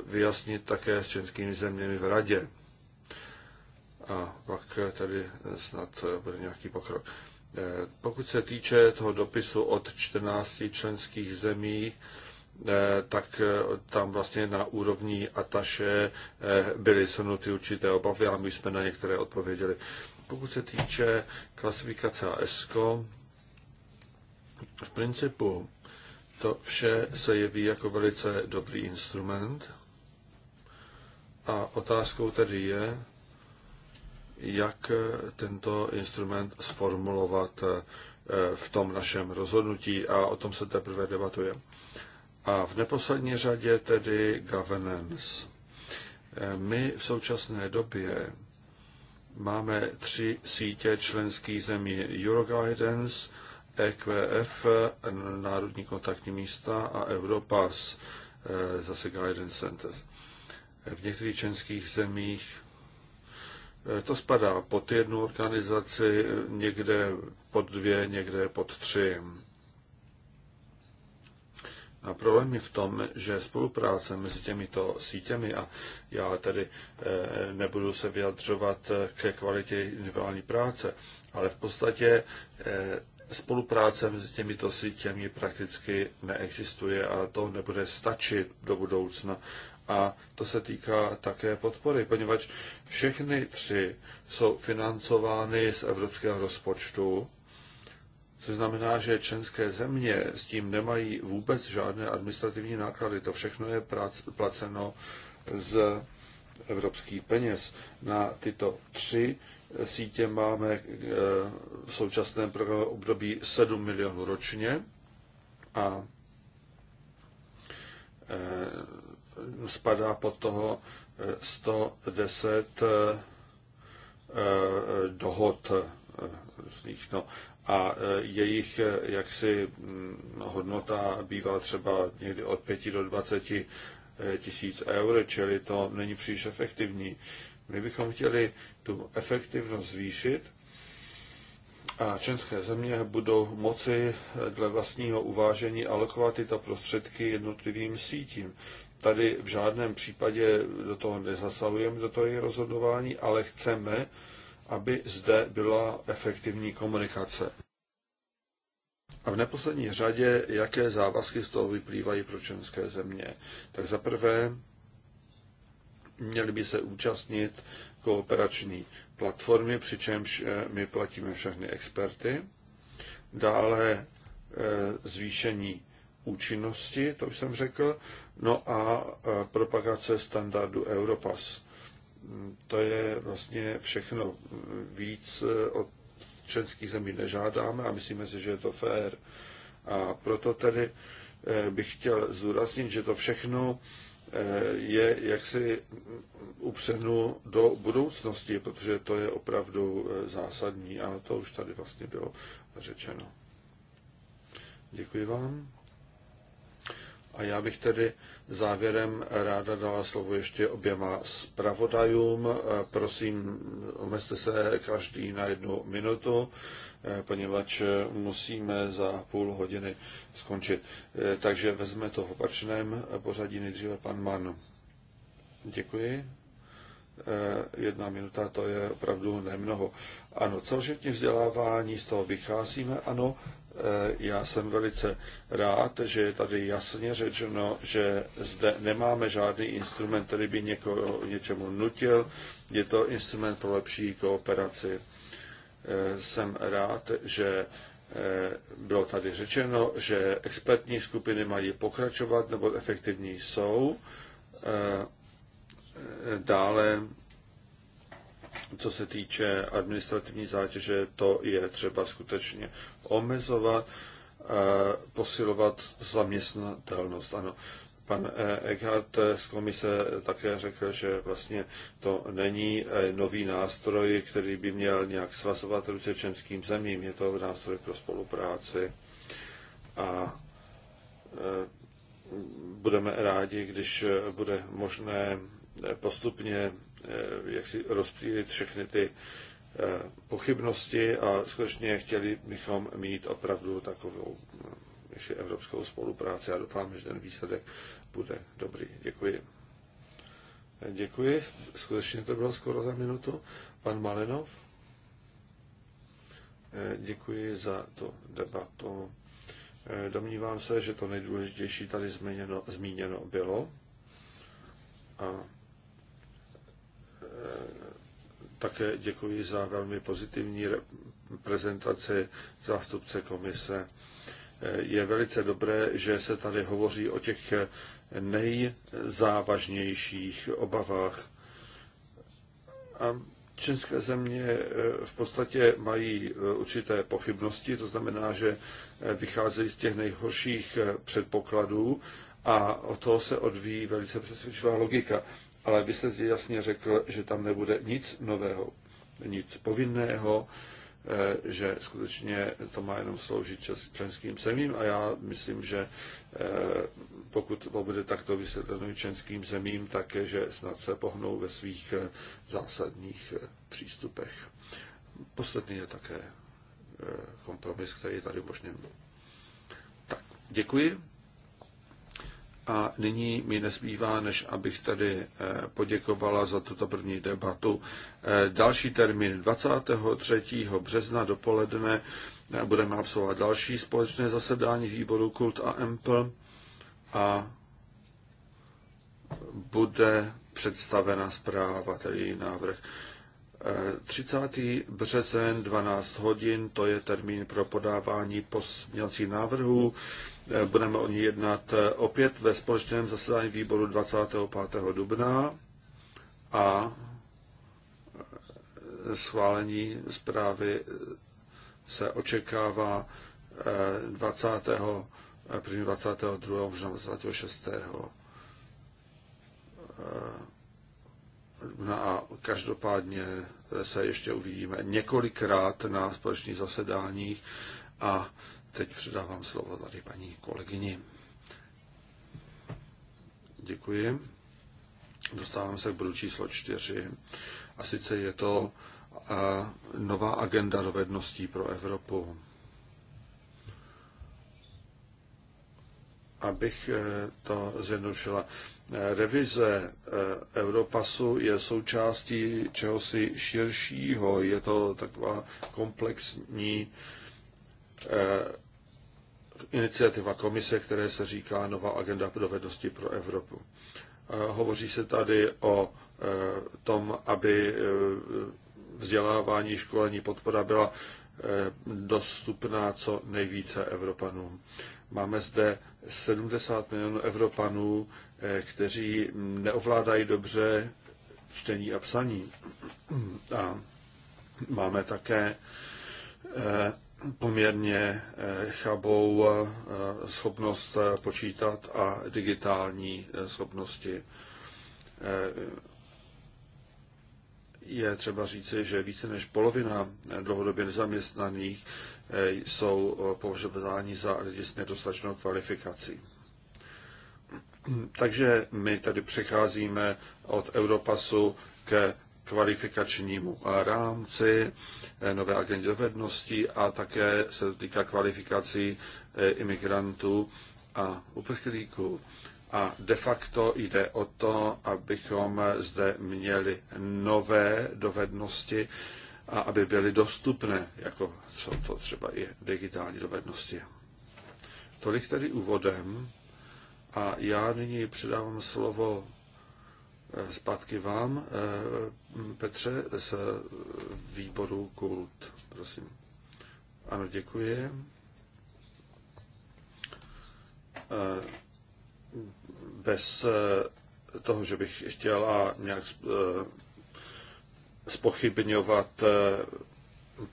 vyjasnit také s českými zeměmi v radě. A pak eh, tady snad bude nějaký pokrok. Pokud se týče toho dopisu od 14 členských zemí, tak tam vlastně na úrovni Ataše byly sunuty určité obavy a my jsme na některé odpověděli. Pokud se týče klasifikace na ESCO, v principu to vše se jeví jako velice dobrý instrument. A otázkou tedy je, jak tento instrument sformulovat eh, v tom našem rozhodnutí a o tom se teprve debatuje. A v neposlední řadě tedy governance. Eh, my v současné době Máme tři sítě členských zemí Euroguidance, EQF, Národní kontaktní místa a Europass, eh, zase Guidance Center. V některých členských zemích eh, to spadá pod jednu organizaci, eh, někde pod dvě, někde pod tři. A problém je v tom, že spolupráce mezi těmito sítěmi, a já tedy eh, nebudu se vyjadřovat ke kvalitě individuální práce, ale v podstatě eh, spolupráce mezi těmito sítěmi prakticky neexistuje a to nebude stačit do budoucna. A to se týká také podpory, poněvadž všechny tři jsou financovány z evropského rozpočtu což znamená, že členské země s tím nemají vůbec žádné administrativní náklady. To všechno je placeno z evropských peněz. Na tyto tři sítě máme eh, v současném programu období 7 milionů ročně a eh, spadá pod toho 110 eh, dohod No a e, jejich e, jaksi mm, hodnota bývá třeba někdy od 5 do 20 e, tisíc eur, čili to není příliš efektivní. My bychom chtěli tu efektivnost zvýšit a členské země budou moci dle vlastního uvážení alokovat tyto prostředky jednotlivým sítím. Tady v žádném případě do toho nezasahujeme, do toho je rozhodování, ale chceme, aby zde byla efektivní komunikace. A v neposlední řadě, jaké závazky z toho vyplývají pro členské země? Tak za prvé, měli by se účastnit kooperační platformy, přičemž eh, my platíme všechny experty. Dále eh, zvýšení účinnosti, to už jsem řekl, no a eh, propagace standardu Europass. Mm, to je vlastně všechno. Víc eh, od členských zemí nežádáme a myslíme si, že je to fér. A proto tedy eh, bych chtěl zdůraznit, že to všechno eh, je jaksi upřenu do budoucnosti, protože to je opravdu zásadní a to už tady vlastně bylo řečeno. Děkuji vám. A já bych tedy závěrem ráda dala slovo ještě oběma zpravodajům. Prosím, omezte se každý na jednu minutu, eh, poněvadž eh, musíme za půl hodiny skončit. Eh, takže vezme to v opačném pořadí nejdříve pan Man. Děkuji. Jedna minuta to je opravdu nemnoho. Ano, celoživotní vzdělávání, z toho vycházíme, ano, Eh, já jsem velice rád, že je tady jasně řečeno, že zde nemáme žádný instrument, který by někoho něčemu nutil. Je to instrument pro lepší kooperaci. Eh, jsem rád, že eh, bylo tady řečeno, že expertní skupiny mají pokračovat, nebo efektivní jsou. Dále co se týče administrativní zátěže, to je třeba skutečně omezovat, eh, posilovat zaměstnatelnost. Ano, pan eh, Eckhart z komise také řekl, že vlastně to není eh, nový nástroj, který by měl nějak svazovat ruce členským zemím. Je to nástroj pro spolupráci a budeme rádi, když bude možné postupně Eh, jak si rozptýlit všechny ty eh, pochybnosti a skutečně chtěli bychom mít opravdu takovou eh, ještě evropskou spolupráci a doufám, že ten výsledek bude dobrý. Děkuji. Děkuji. Skutečně to bylo skoro za minutu. Pan Malenov. Děkuji za tu debatu. Domnívám se, že to nejdůležitější tady zmíněno, zmíněno bylo. A také děkuji za velmi pozitivní prezentaci zástupce komise. Je velice dobré, že se tady hovoří o těch nejzávažnějších obavách. A české země eh, v podstatě mají eh, určité pochybnosti, to znamená, že eh, vycházejí z těch nejhorších předpokladů a o toho se odvíjí velice přesvědčivá logika ale vy jste jasně řekl, že tam nebude nic nového, nic povinného, eh, že skutečně to má jenom sloužit členským zemím a já myslím, že eh, pokud to bude takto vysvětleno členským zemím, tak je, že snad se pohnou ve svých eh, zásadních přístupech. Poslední je také kompromis, který je tady možný. Tak, děkuji. A nyní mi nezbývá, než abych tady eh, poděkovala za tuto první debatu. Eh, další termín 23. března dopoledne eh, budeme absolvovat další společné zasedání výboru Kult a Empl a bude představena zpráva, tedy návrh. 30. březen 12 hodin, to je termín pro podávání pozměňovacích návrhů. Budeme o ní jednat eh, opět ve společném zasedání výboru 25. dubna a eh, schválení zprávy eh, se očekává 20. 1. 22. možná 26. dubna a každopádně se ještě uvidíme několikrát na společných zasedáních a teď předávám slovo tady paní kolegyni. Děkuji. Dostávám se k bodu číslo čtyři. A sice je to nová agenda dovedností pro Evropu. Abych e, to zjednodušila. E, revize e, Europasu je součástí čehosi širšího. Je to taková komplexní iniciativa komise, které se říká Nová agenda pro dovednosti pro Evropu. Eh, hovoří se tady o eh, tom, aby eh, vzdělávání, školení, podpora byla dostupná co nejvíce Evropanům. Máme zde 70 milionů Evropanů, kteří neovládají dobře čtení a psaní. A máme také poměrně eh, chabou eh, schopnost eh, počítat a digitální schopnosti. Je třeba říci, že více než polovina dlouhodobě nezaměstnaných jsou považováni za lidi s nedostatečnou kvalifikací. Takže my tady přecházíme od Europasu ke kvalifikačnímu rámci, eh, nové agendě dovedností a také se týká kvalifikací eh, imigrantů a uprchlíků. A de facto jde o to, abychom zde měli nové dovednosti a aby byly dostupné, jako jsou to třeba i digitální dovednosti. Tolik tedy úvodem. A já nyní předávám slovo Eh, zpátky vám, eh, Petře, z výboru KULT. Prosím. Ano, děkuji. Eh, bez toho, že bych chtěla nějak spochybňovat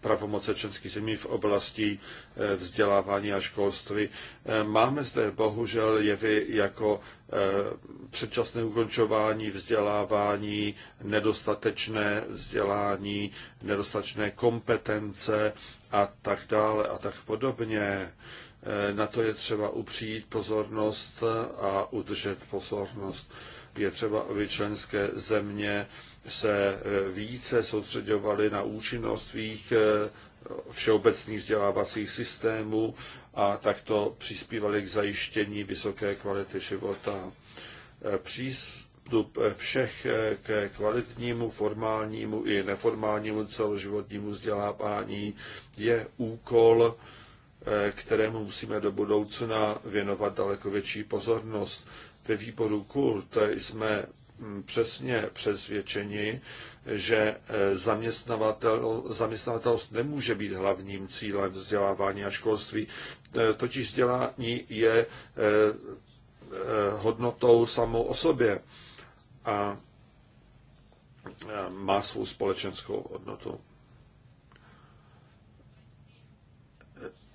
pravomoce členských zemí v oblasti eh, vzdělávání a školství. Eh, máme zde bohužel jevy jako eh, předčasné ukončování vzdělávání, nedostatečné vzdělání, nedostatečné kompetence a tak dále a tak podobně. Na to je třeba upřít pozornost a udržet pozornost. Je třeba, aby členské země se e, více soustředovali na účinnost svých e, všeobecných vzdělávacích systémů a takto přispívali k zajištění vysoké kvality života. E, přístup všech ke kvalitnímu, formálnímu i neformálnímu celoživotnímu vzdělávání je úkol, kterému musíme do budoucna věnovat daleko větší pozornost. Ve výboru KULT jsme Mm, přesně přesvědčeni, že e, zaměstnavatel, zaměstnavatelost nemůže být hlavním cílem vzdělávání a školství. E, totiž vzdělání je e, hodnotou samou o sobě a má svou společenskou hodnotu.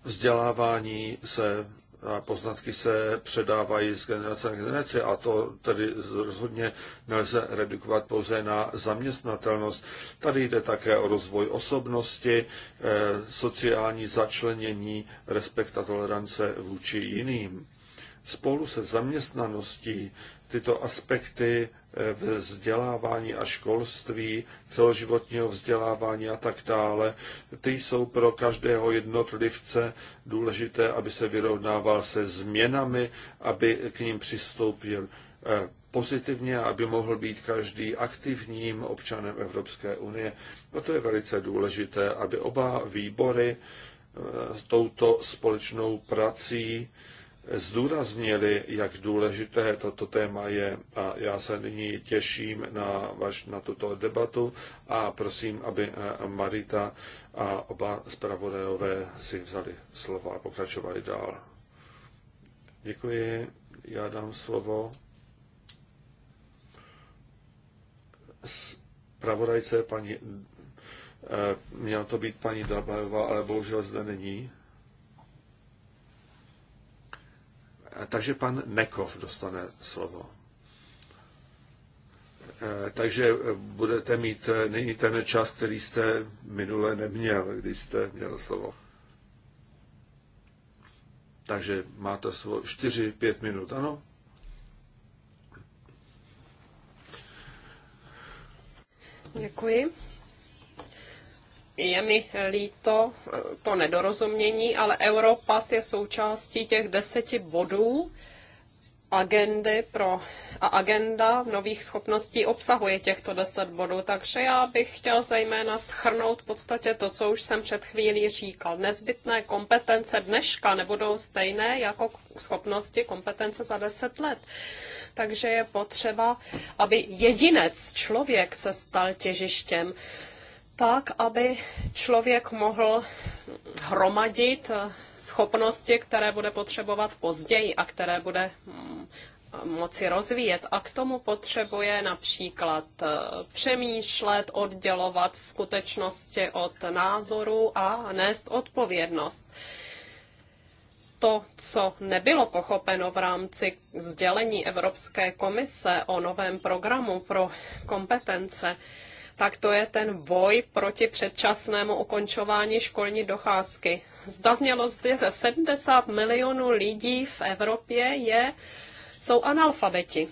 Vzdělávání se poznatky se předávají z generace na generaci a to tedy rozhodně nelze redukovat pouze na zaměstnatelnost. Tady jde také o rozvoj osobnosti, eh, sociální začlenění, respekt a tolerance vůči jiným. Spolu se zaměstnaností tyto aspekty eh, vzdělávání a školství, celoživotního vzdělávání a tak dále, ty jsou pro každého jednotlivce důležité, aby se vyrovnával se změnami, aby k ním přistoupil eh, pozitivně, aby mohl být každý aktivním občanem Evropské unie. A no to je velice důležité, aby oba výbory eh, s touto společnou prací zdůraznili, jak důležité toto téma je a já se nyní těším na, vaš, na tuto debatu a prosím, aby eh, Marita a oba zpravodajové si vzali slovo a pokračovali dál. Děkuji, já dám slovo zpravodajce paní, eh, měla to být paní Dabajová, ale bohužel zde není. Takže pan Nekov dostane slovo. Eh, takže budete mít eh, nyní ten čas, který jste minule neměl, když jste měl slovo. Takže máte slovo 4-5 minut, ano? Děkuji je mi líto eh, to nedorozumění, ale EuroPAS je součástí těch deseti bodů agendy pro, a agenda nových schopností obsahuje těchto deset bodů, takže já bych chtěl zejména schrnout v podstatě to, co už jsem před chvílí říkal. Nezbytné kompetence dneška nebudou stejné jako schopnosti kompetence za deset let. Takže je potřeba, aby jedinec, člověk se stal těžištěm tak, aby člověk mohl hromadit eh, schopnosti, které bude potřebovat později a které bude mm, moci rozvíjet. A k tomu potřebuje například eh, přemýšlet, oddělovat skutečnosti od názoru a nést odpovědnost to, co nebylo pochopeno v rámci sdělení Evropské komise o novém programu pro kompetence, tak to je ten boj proti předčasnému ukončování školní docházky. Zaznělo zde, že 70 milionů lidí v Evropě je, jsou analfabeti.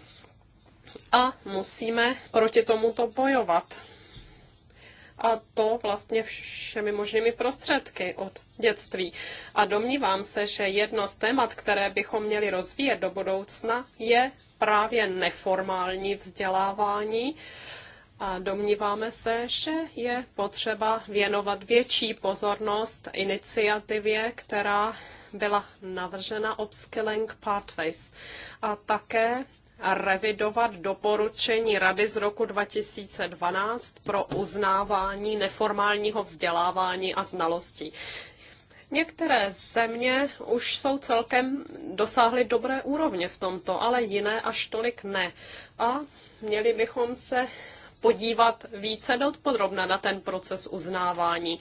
A musíme proti tomuto bojovat a to vlastně všemi možnými prostředky od dětství. A domnívám se, že jedno z témat, které bychom měli rozvíjet do budoucna, je právě neformální vzdělávání a domníváme se, že je potřeba věnovat větší pozornost iniciativě, která byla navržena Upskilling Pathways a také revidovat doporučení Rady z roku 2012 pro uznávání neformálního vzdělávání a znalostí. Některé země už jsou celkem dosáhly dobré úrovně v tomto, ale jiné až tolik ne. A měli bychom se podívat více podrobně na ten proces uznávání,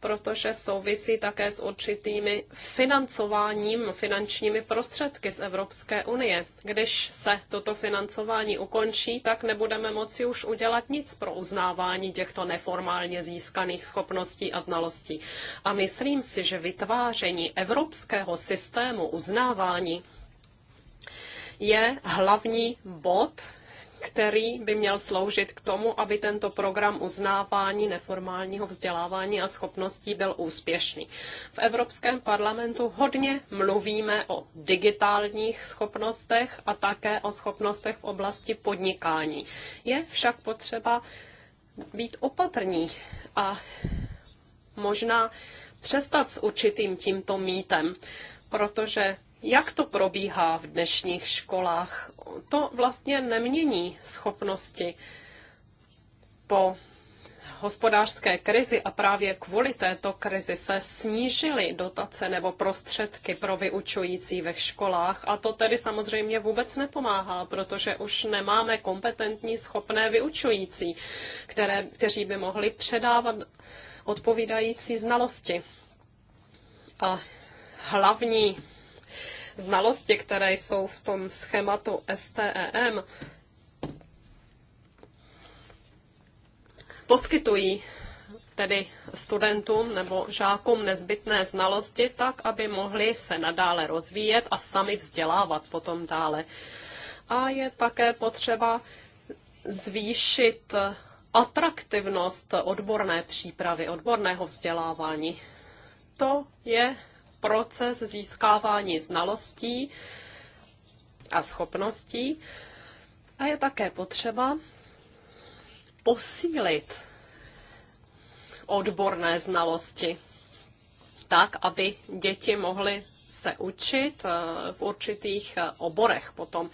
protože souvisí také s určitými financováním, finančními prostředky z Evropské unie. Když se toto financování ukončí, tak nebudeme moci už udělat nic pro uznávání těchto neformálně získaných schopností a znalostí. A myslím si, že vytváření evropského systému uznávání je hlavní bod který by měl sloužit k tomu, aby tento program uznávání neformálního vzdělávání a schopností byl úspěšný. V Evropském parlamentu hodně mluvíme o digitálních schopnostech a také o schopnostech v oblasti podnikání. Je však potřeba být opatrní a možná přestat s určitým tímto mýtem, protože jak to probíhá v dnešních školách? To vlastně nemění schopnosti po hospodářské krizi a právě kvůli této krizi se snížily dotace nebo prostředky pro vyučující ve školách a to tedy samozřejmě vůbec nepomáhá, protože už nemáme kompetentní, schopné vyučující, které, kteří by mohli předávat odpovídající znalosti. A hlavní znalosti, které jsou v tom schématu STEM, poskytují tedy studentům nebo žákům nezbytné znalosti tak, aby mohli se nadále rozvíjet a sami vzdělávat potom dále. A je také potřeba zvýšit atraktivnost odborné přípravy, odborného vzdělávání. To je proces získávání znalostí a schopností a je také potřeba posílit odborné znalosti tak, aby děti mohly se učit eh, v určitých eh, oborech potom.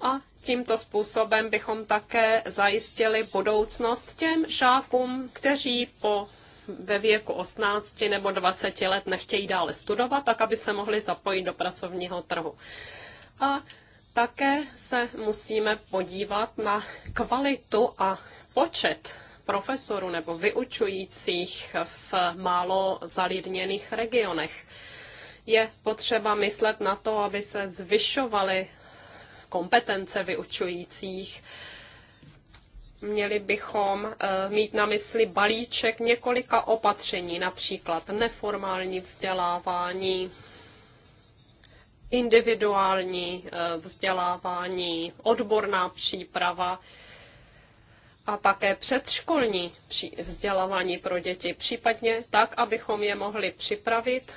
A tímto způsobem bychom také zajistili budoucnost těm žákům, kteří po ve věku 18 nebo 20 let nechtějí dále studovat, tak aby se mohli zapojit do pracovního trhu. A také se musíme podívat na kvalitu a počet profesorů nebo vyučujících v málo zalidněných regionech. Je potřeba myslet na to, aby se zvyšovaly kompetence vyučujících, Měli bychom eh, mít na mysli balíček několika opatření, například neformální vzdělávání, individuální eh, vzdělávání, odborná příprava a také předškolní vzdělávání pro děti, případně tak, abychom je mohli připravit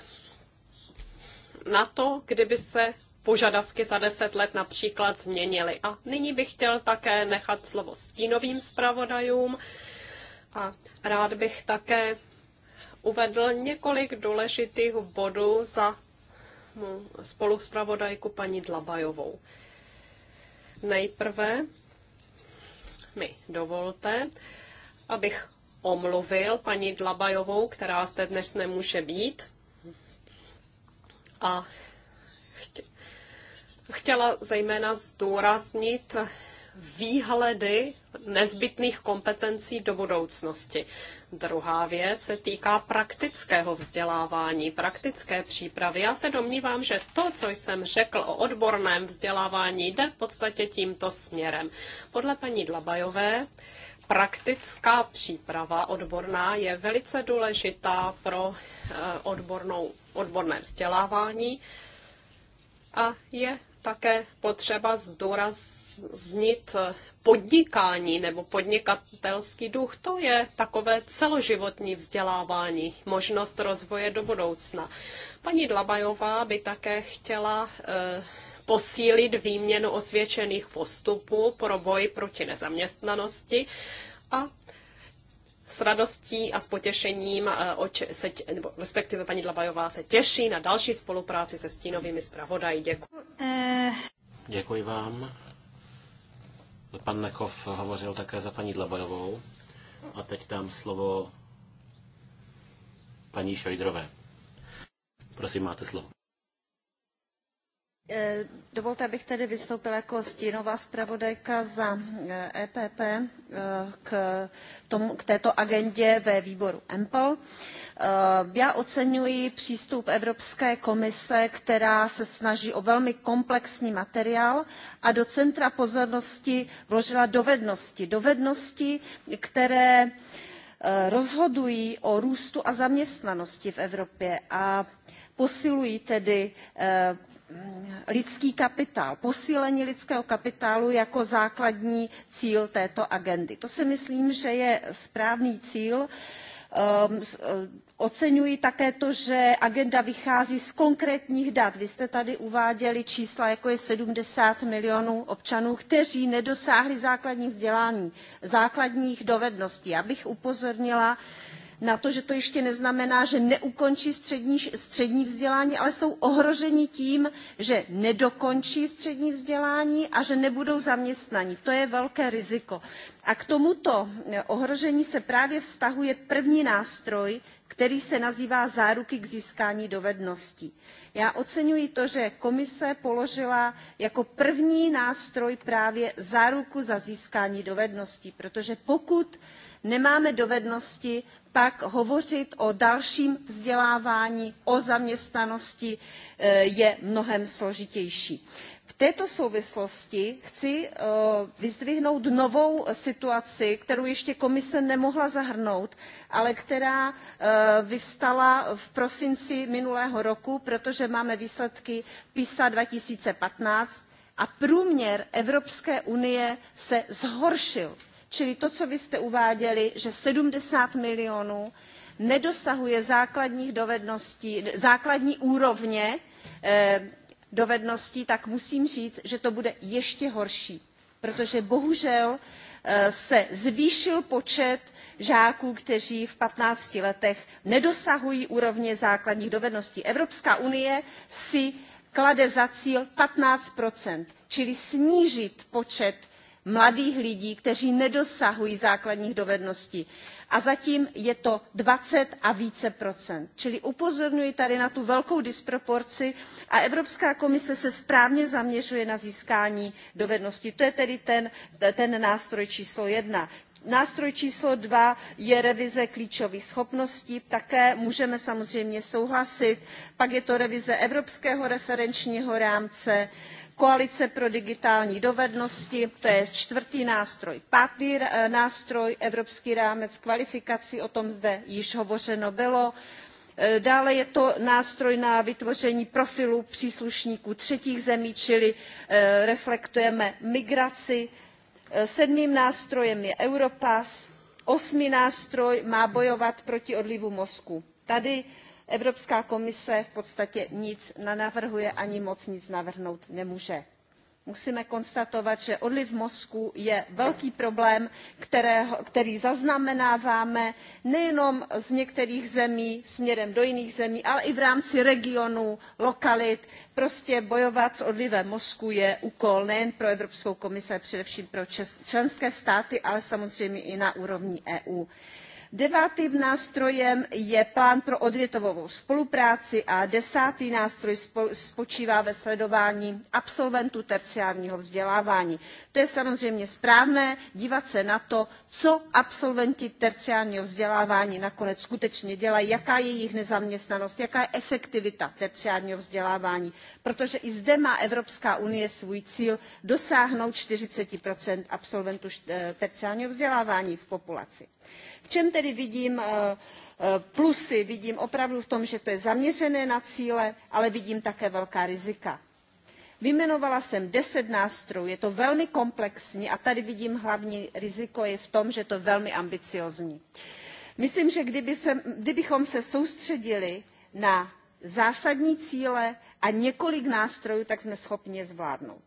na to, kdyby se požadavky za deset let například změnily. A nyní bych chtěl také nechat slovo stínovým zpravodajům a rád bych také uvedl několik důležitých bodů za spolu zpravodajku paní Dlabajovou. Nejprve mi dovolte, abych omluvil paní Dlabajovou, která zde dnes nemůže být. A chtěla zejména zdůraznit výhledy nezbytných kompetencí do budoucnosti. Druhá věc se týká praktického vzdělávání, praktické přípravy. Já se domnívám, že to, co jsem řekl o odborném vzdělávání, jde v podstatě tímto směrem. Podle paní Dlabajové praktická příprava odborná je velice důležitá pro eh, odbornou, odborné vzdělávání a je také potřeba zdůraznit podnikání nebo podnikatelský duch. To je takové celoživotní vzdělávání, možnost rozvoje do budoucna. Paní Dlabajová by také chtěla eh, posílit výměnu osvědčených postupů pro boj proti nezaměstnanosti a s radostí a s potěšením, eh, oč, se, nebo respektive paní Dlabajová se těší na další spolupráci se stínovými zpravodají. Děkuji. Eh. Děkuji vám. Pan Nekov hovořil také za paní Dlabajovou. A teď dám slovo paní Šojdrové. Prosím, máte slovo. Eh, dovolte, abych tedy vystoupila jako stínová zpravodajka za EPP eh, e eh, k, tomu, k této agendě ve výboru EMPL. Já oceňuji přístup Evropské komise, která se snaží o velmi komplexní materiál a do centra pozornosti vložila dovednosti. Dovednosti, které rozhodují o růstu a zaměstnanosti v Evropě a posilují tedy lidský kapitál posílení lidského kapitálu jako základní cíl této agendy. to si myslím že je správný cíl ehm, eh, oceňuji také to že agenda vychází z konkrétních dat vy jste tady uváděli čísla jako je seventy milionů občanů kteří nedosáhli základních vzdělání základních dovedností. já bych upozornila na to, že to ještě neznamená, že neukončí střední, střední vzdělání, ale jsou ohroženi tím, že nedokončí střední vzdělání a že nebudou zaměstnaní. To je velké riziko. A k tomuto ohrožení se právě vztahuje první nástroj, který se nazývá záruky k získání dovedností. Já oceňuji to, že komise položila jako první nástroj právě záruku za získání dovedností, protože pokud nemáme dovednosti pak hovořit o dalším vzdělávání o zaměstnanosti eh, je mnohem složitější. v této souvislosti chci eh, vyzdvihnout novou situaci kterou ještě komise nemohla zahrnout ale která eh, vyvstala v prosinci minulého roku protože máme výsledky pisa two thousand and fifteen a průměr evropské unie se zhoršil Čili to, co vy jste uváděli, že 70 milionů nedosahuje základních dovedností, základní úrovně eh, dovedností, tak musím říct, že to bude ještě horší, protože bohužel eh, se zvýšil počet žáků, kteří v 15 letech nedosahují úrovně základních dovedností. Evropská unie si klade za cíl fifteen čili snížit počet mladých lidí kteří nedosahují základních dovedností a zatím je to twenty a více procent čili upozorňuji tady na tu velkou disproporci a evropská komise se správně zaměřuje na získání dovedností to je tedy ten, ten nástroj číslo jedna nástroj číslo two je revize klíčových schopností také můžeme samozřejmě souhlasit pak je to revize evropského referenčního rámce koalice pro digitální dovednosti to je čtvrtý nástroj pátý eh, nástroj evropský rámec kvalifikací o tom zde již hovořeno bylo eh, dále je to nástroj na vytvoření profilu příslušníků třetích zemí čili eh, reflektujeme migraci Eh, sedmým nástrojem je europass osmý nástroj má bojovat proti odlivu mozků. tady evropská komise v podstatě nic nenavrhuje ani moc nic navrhnout nemůže musíme konstatovat že odliv mozků je velký problém který zaznamenáváme nejenom z některých zemí směrem do jiných zemí ale i v rámci regionů lokalit. prostě bojovat s odlivem mozků je úkol nejen pro evropskou komisi ale především pro členské státy ale samozřejmě i na úrovni eu devátým nástrojem je plán pro odvětvovou spolupráci a desátý nástroj spočívá ve sledování absolventů terciárního vzdělávání. to je samozřejmě správné dívat se na to co absolventi terciárního vzdělávání nakonec skutečně dělají jaká je jejich nezaměstnanost jaká je efektivita terciárního vzdělávání protože i zde má evropská unie svůj cíl dosáhnout forty absolventů eh, terciárního vzdělávání v populaci v čem tedy vidím eh, eh, plusy vidím opravdu v tom že to je zaměřené na cíle ale vidím také velká rizika. vyjmenovala jsem deset nástrojů je to velmi komplexní a tady vidím hlavní riziko je v tom že to je velmi ambiciózní. myslím že kdyby se, kdybychom se soustředili na zásadní cíle a několik nástrojů tak jsme schopni je zvládnout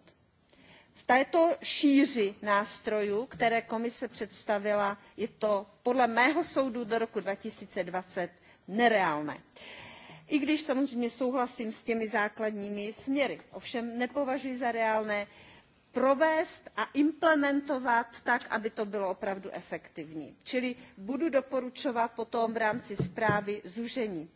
v této šíři nástrojů které komise představila je to podle mého soudu do roku two thousand and twenty nereálné i když samozřejmě souhlasím s těmi základními směry. ovšem nepovažuji za reálné provést a implementovat tak aby to bylo opravdu efektivní. čili budu doporučovat potom v rámci zprávy zúžení.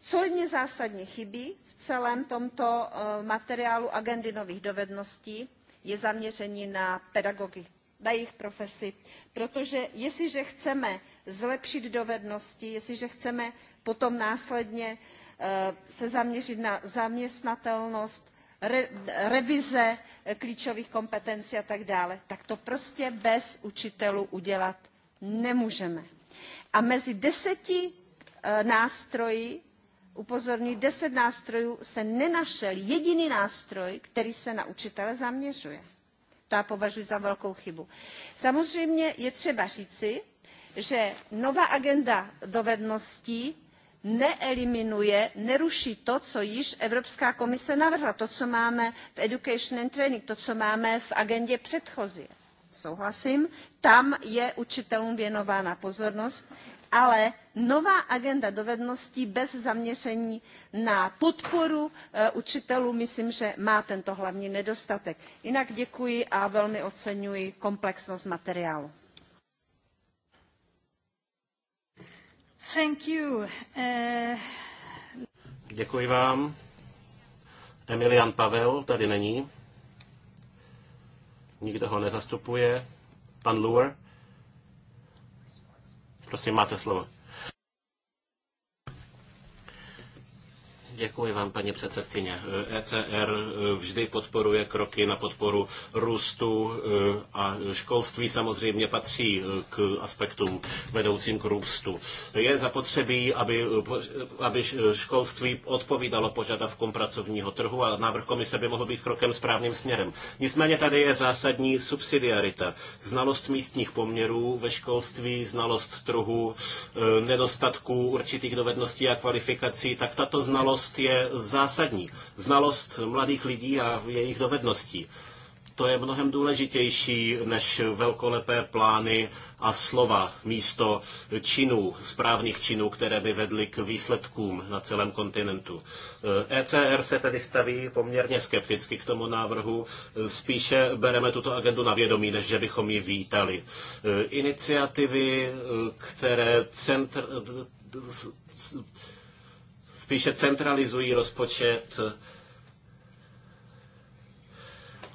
co mně zásadně chybí v celém tomto eh, materiálu agendy nových dovedností je zaměření na pedagogy, na jejich profesi. Protože jestliže chceme zlepšit dovednosti, jestliže chceme potom následně eh, se zaměřit na zaměstnatelnost, re, revize eh, klíčových kompetencí a tak dále, tak to prostě bez učitelů udělat nemůžeme. A mezi deseti eh, nástroji upozorňuji deset nástrojů se nenašel jediný nástroj který se na učitele zaměřuje. to já považuji za velkou chybu. samozřejmě je třeba říci že nová agenda dovedností neeliminuje neruší to co již evropská komise navrhla to co máme v education and training to co máme v agendě předchozí souhlasím tam je učitelům věnována pozornost ale nová agenda dovedností bez zaměření na podporu eh, učitelů myslím že má tento hlavní nedostatek. jinak děkuji a velmi oceňuji komplexnost materiálu. Eh, děkuji vám. Emilian Pavel tady není. Nikdo ho nezastupuje. Pan Luer. Prosím, máte slovo. Děkuji vám, paní předsedkyně. ECR e, vždy podporuje kroky na podporu růstu e, a školství samozřejmě patří e, k aspektům vedoucím k růstu. Je zapotřebí, aby, aby školství odpovídalo požadavkům pracovního trhu a návrh komise by mohl být krokem správným směrem. Nicméně tady je zásadní subsidiarita. Znalost místních poměrů ve školství, znalost trhu, nedostatků určitých dovedností a kvalifikací, tak tato znalost znalost je zásadní. Znalost mladých lidí a jejich dovedností. To je mnohem důležitější než velkolepé plány a slova místo činů, správných činů, které by vedly k výsledkům na celém kontinentu. ECR e se tedy staví poměrně skepticky k tomu návrhu. Spíše bereme tuto agendu na vědomí, než že bychom ji vítali. E, iniciativy, e, které centr spíše centralizují rozpočet,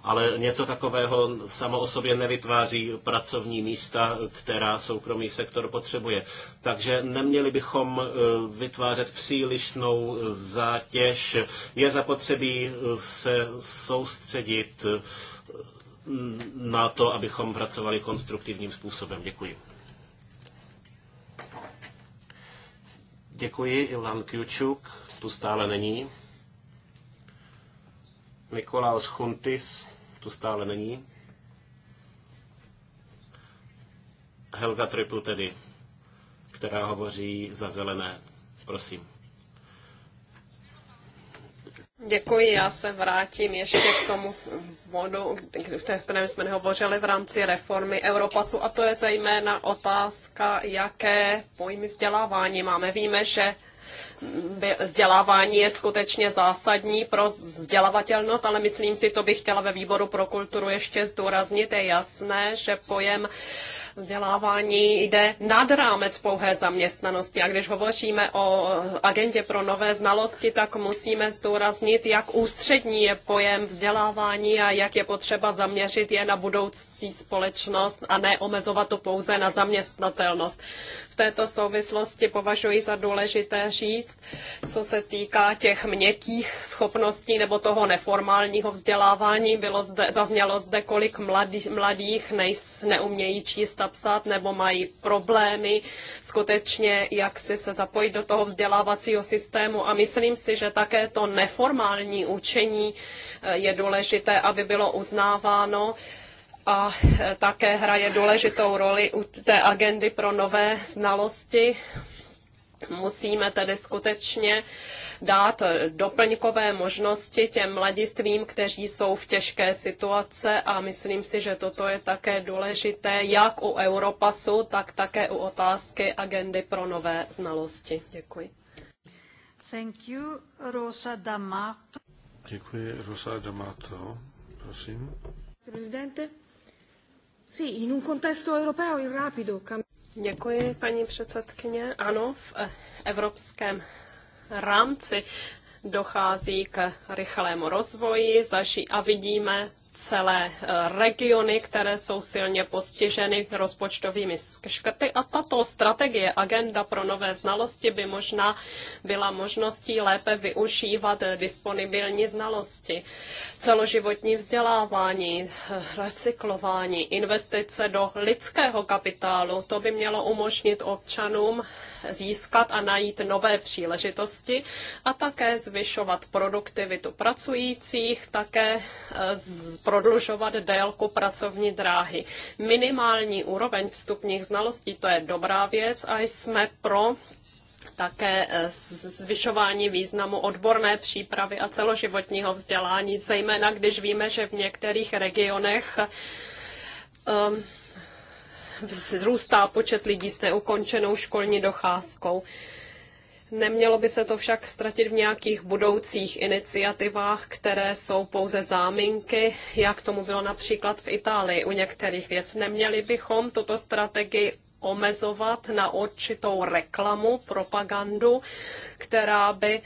ale něco takového samo o sobě nevytváří pracovní místa, která soukromý sektor potřebuje. Takže neměli bychom eh, vytvářet přílišnou zátěž. Je zapotřebí eh, se soustředit eh, na to, abychom pracovali konstruktivním způsobem. Děkuji. Děkuji, Ilan Kjučuk, tu stále není. Nikolaus Chuntis, tu stále není. Helga Triple tedy, která hovoří za zelené. Prosím. Děkuji, já se vrátím ještě k tomu bodu, v kterém jsme hovořili v rámci reformy Europasu, a to je zejména otázka, jaké pojmy vzdělávání máme. Víme, že vzdělávání je skutečně zásadní pro vzdělavatelnost, ale myslím si, to bych chtěla ve výboru pro kulturu ještě zdůraznit. Je jasné, že pojem vzdělávání jde nad rámec pouhé zaměstnanosti. A když hovoříme o agendě pro nové znalosti, tak musíme zdůraznit, jak ústřední je pojem vzdělávání a jak je potřeba zaměřit je na budoucí společnost a ne omezovat to pouze na zaměstnatelnost této souvislosti považuji za důležité říct, co se týká těch měkkých schopností nebo toho neformálního vzdělávání. Bylo zde, zaznělo zde, kolik mladých, mladých nejs, neumějí číst a psát nebo mají problémy skutečně, jak si se zapojit do toho vzdělávacího systému. A myslím si, že také to neformální učení eh, je důležité, aby bylo uznáváno a e, také hraje důležitou roli u té agendy pro nové znalosti. Musíme tedy skutečně dát doplňkové možnosti těm mladistvím, kteří jsou v těžké situace a myslím si, že toto je také důležité jak u Europasu, tak také u otázky agendy pro nové znalosti. Děkuji. Thank you, Rosa D'Amato. Děkuji, Rosa D'Amato. Prosím. Prezidente. Děkuji, paní předsedkyně. Ano, v evropském rámci dochází k rychlému rozvoji a vidíme celé eh, regiony, které jsou silně postiženy rozpočtovými škrty. A tato strategie, agenda pro nové znalosti, by možná byla možností lépe využívat eh, disponibilní znalosti. Celoživotní vzdělávání, eh, recyklování, investice do lidského kapitálu, to by mělo umožnit občanům získat a najít nové příležitosti a také zvyšovat produktivitu pracujících, také z prodlužovat délku pracovní dráhy. Minimální úroveň vstupních znalostí, to je dobrá věc a jsme pro také eh, zvyšování významu odborné přípravy a celoživotního vzdělání, zejména když víme, že v některých regionech um, vzrůstá počet lidí s neukončenou školní docházkou. Uh, Nemělo by se to však ztratit v nějakých budoucích iniciativách, které jsou pouze záminky, jak tomu bylo například v Itálii u některých věc. Neměli bychom tuto strategii omezovat na určitou reklamu, propagandu, která by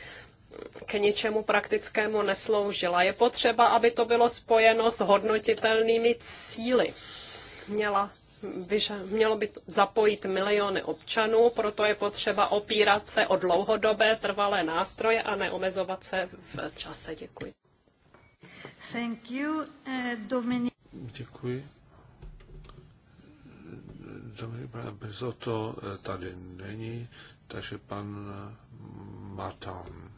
k ničemu praktickému nesloužila. Je potřeba, aby to bylo spojeno s hodnotitelnými cíly. Měla by mělo by zapojit miliony občanů, proto je potřeba opírat se o dlouhodobé trvalé nástroje a neomezovat se v čase. Děkuji. Thank you, eh, Dominik. Děkuji. Dominik Bezoto eh, tady není, takže pan eh, Matan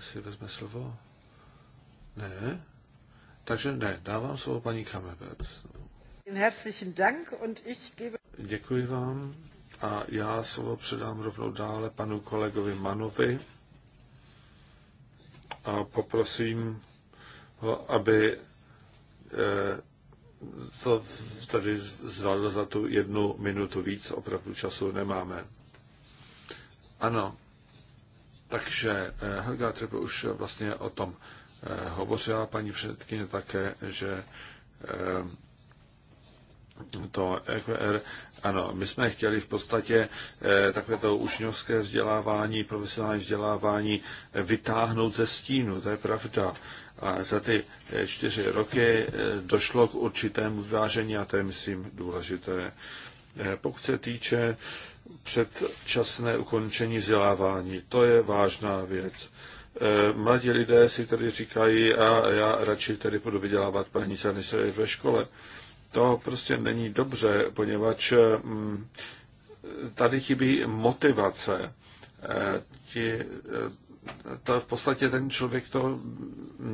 si vezme slovo. Ne? Takže ne, dávám slovo paní Kamebert. Děkuji vám a já slovo předám rovnou dále panu kolegovi Manovi a poprosím ho, aby eh, to tady zvládl za tu jednu minutu víc, opravdu času nemáme. Ano, takže eh, Helga Triple už vlastně o tom eh, hovořila paní předsedkyně také, že to EQR, ano, my jsme chtěli v podstatě eh, takové to učňovské vzdělávání, profesionální vzdělávání eh, vytáhnout ze stínu, to je pravda. A za ty eh, čtyři roky eh, došlo k určitému vyvážení a to je, myslím, důležité. Pokud se týče předčasné ukončení vzdělávání, to je vážná věc. Mladí lidé si tady říkají, a já radši tady budu vydělávat peníze, než se ve škole. Eh, to prostě není dobře, poněvadž mm, tady chybí motivace. E, ti, e, to v podstatě ten člověk to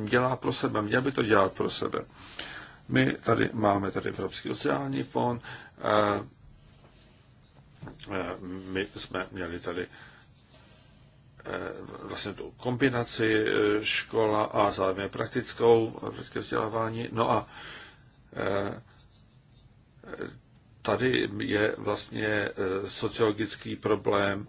dělá pro sebe, měl by to dělat pro sebe. My tady máme tady Evropský sociální fond, e, my jsme měli tady vlastně tu kombinaci škola a zároveň praktickou, praktické vzdělávání. No a tady je vlastně eh, sociologický problém.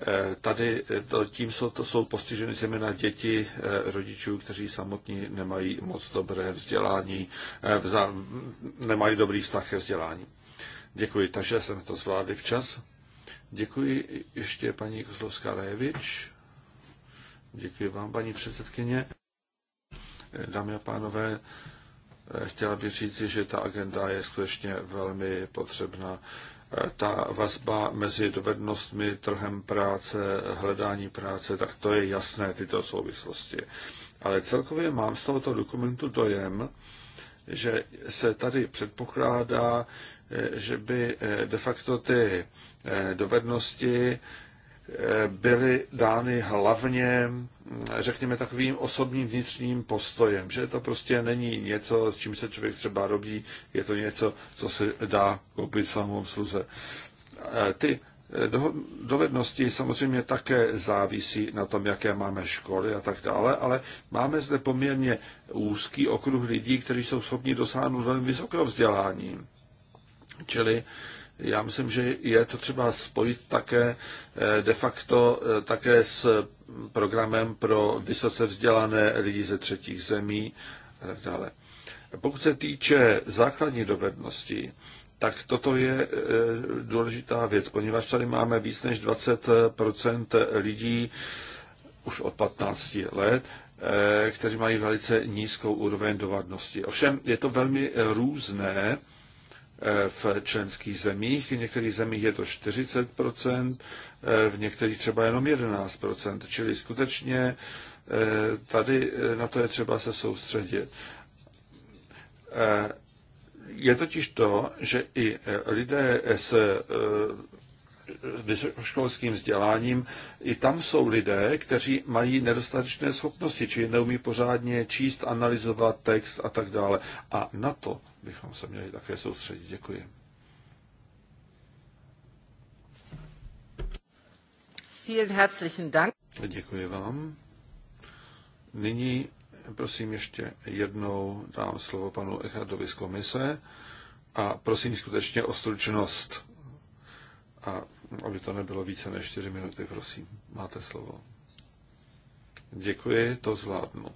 Eh, tady eh, to, tím jsou, to jsou postiženy zejména děti rodičů, kteří samotní nemají moc dobré vzdělání, vzá, nemají dobrý vztah ke vzdělání. Děkuji, takže jsem to zvládli včas. Děkuji ještě paní Kozlovská Rajevič. Děkuji vám, paní předsedkyně. Dámy a pánové, chtěla bych říci, že ta agenda je skutečně velmi potřebná. Ta vazba mezi dovednostmi, trhem práce, hledání práce, tak to je jasné, tyto souvislosti. Ale celkově mám z tohoto dokumentu dojem, že se tady předpokládá, že by eh, de facto ty eh, dovednosti byly dány hlavně, řekněme, takovým osobním vnitřním postojem, že to prostě není něco, s čím se člověk třeba robí, je to něco, co se dá koupit samou sluze. Ty eh, dovednosti samozřejmě také závisí na tom, jaké máme školy a tak dále, ale máme zde poměrně úzký okruh lidí, kteří jsou schopni dosáhnout velmi vysokého vzdělání. Čili eh, já myslím, že je to třeba spojit také eh, de facto eh, také s programem pro vysoce vzdělané lidi ze třetích zemí a tak dále. Pokud se týče základní dovednosti, tak toto je eh, důležitá věc, poněvadž tady máme víc než 20 lidí už od 15 let, kteří mají velice nízkou úroveň dovednosti. Ovšem je to velmi různé v členských zemích. V některých zemích je to 40 v některých třeba jenom 11 Čili skutečně eh, tady eh, na to je třeba se soustředit. Eh, je totiž to, že i lidé s vysokoškolským vzděláním, i tam jsou lidé, kteří mají nedostatečné schopnosti, či neumí pořádně číst, analyzovat text a tak dále. A na to bychom se měli také soustředit. Děkuji. Děkuji vám. Nyní prosím ještě jednou dám slovo panu Echardovi z komise a prosím skutečně o stručnost. A aby to nebylo více než 4 minuty, prosím. Máte slovo. Děkuji, to zvládnu.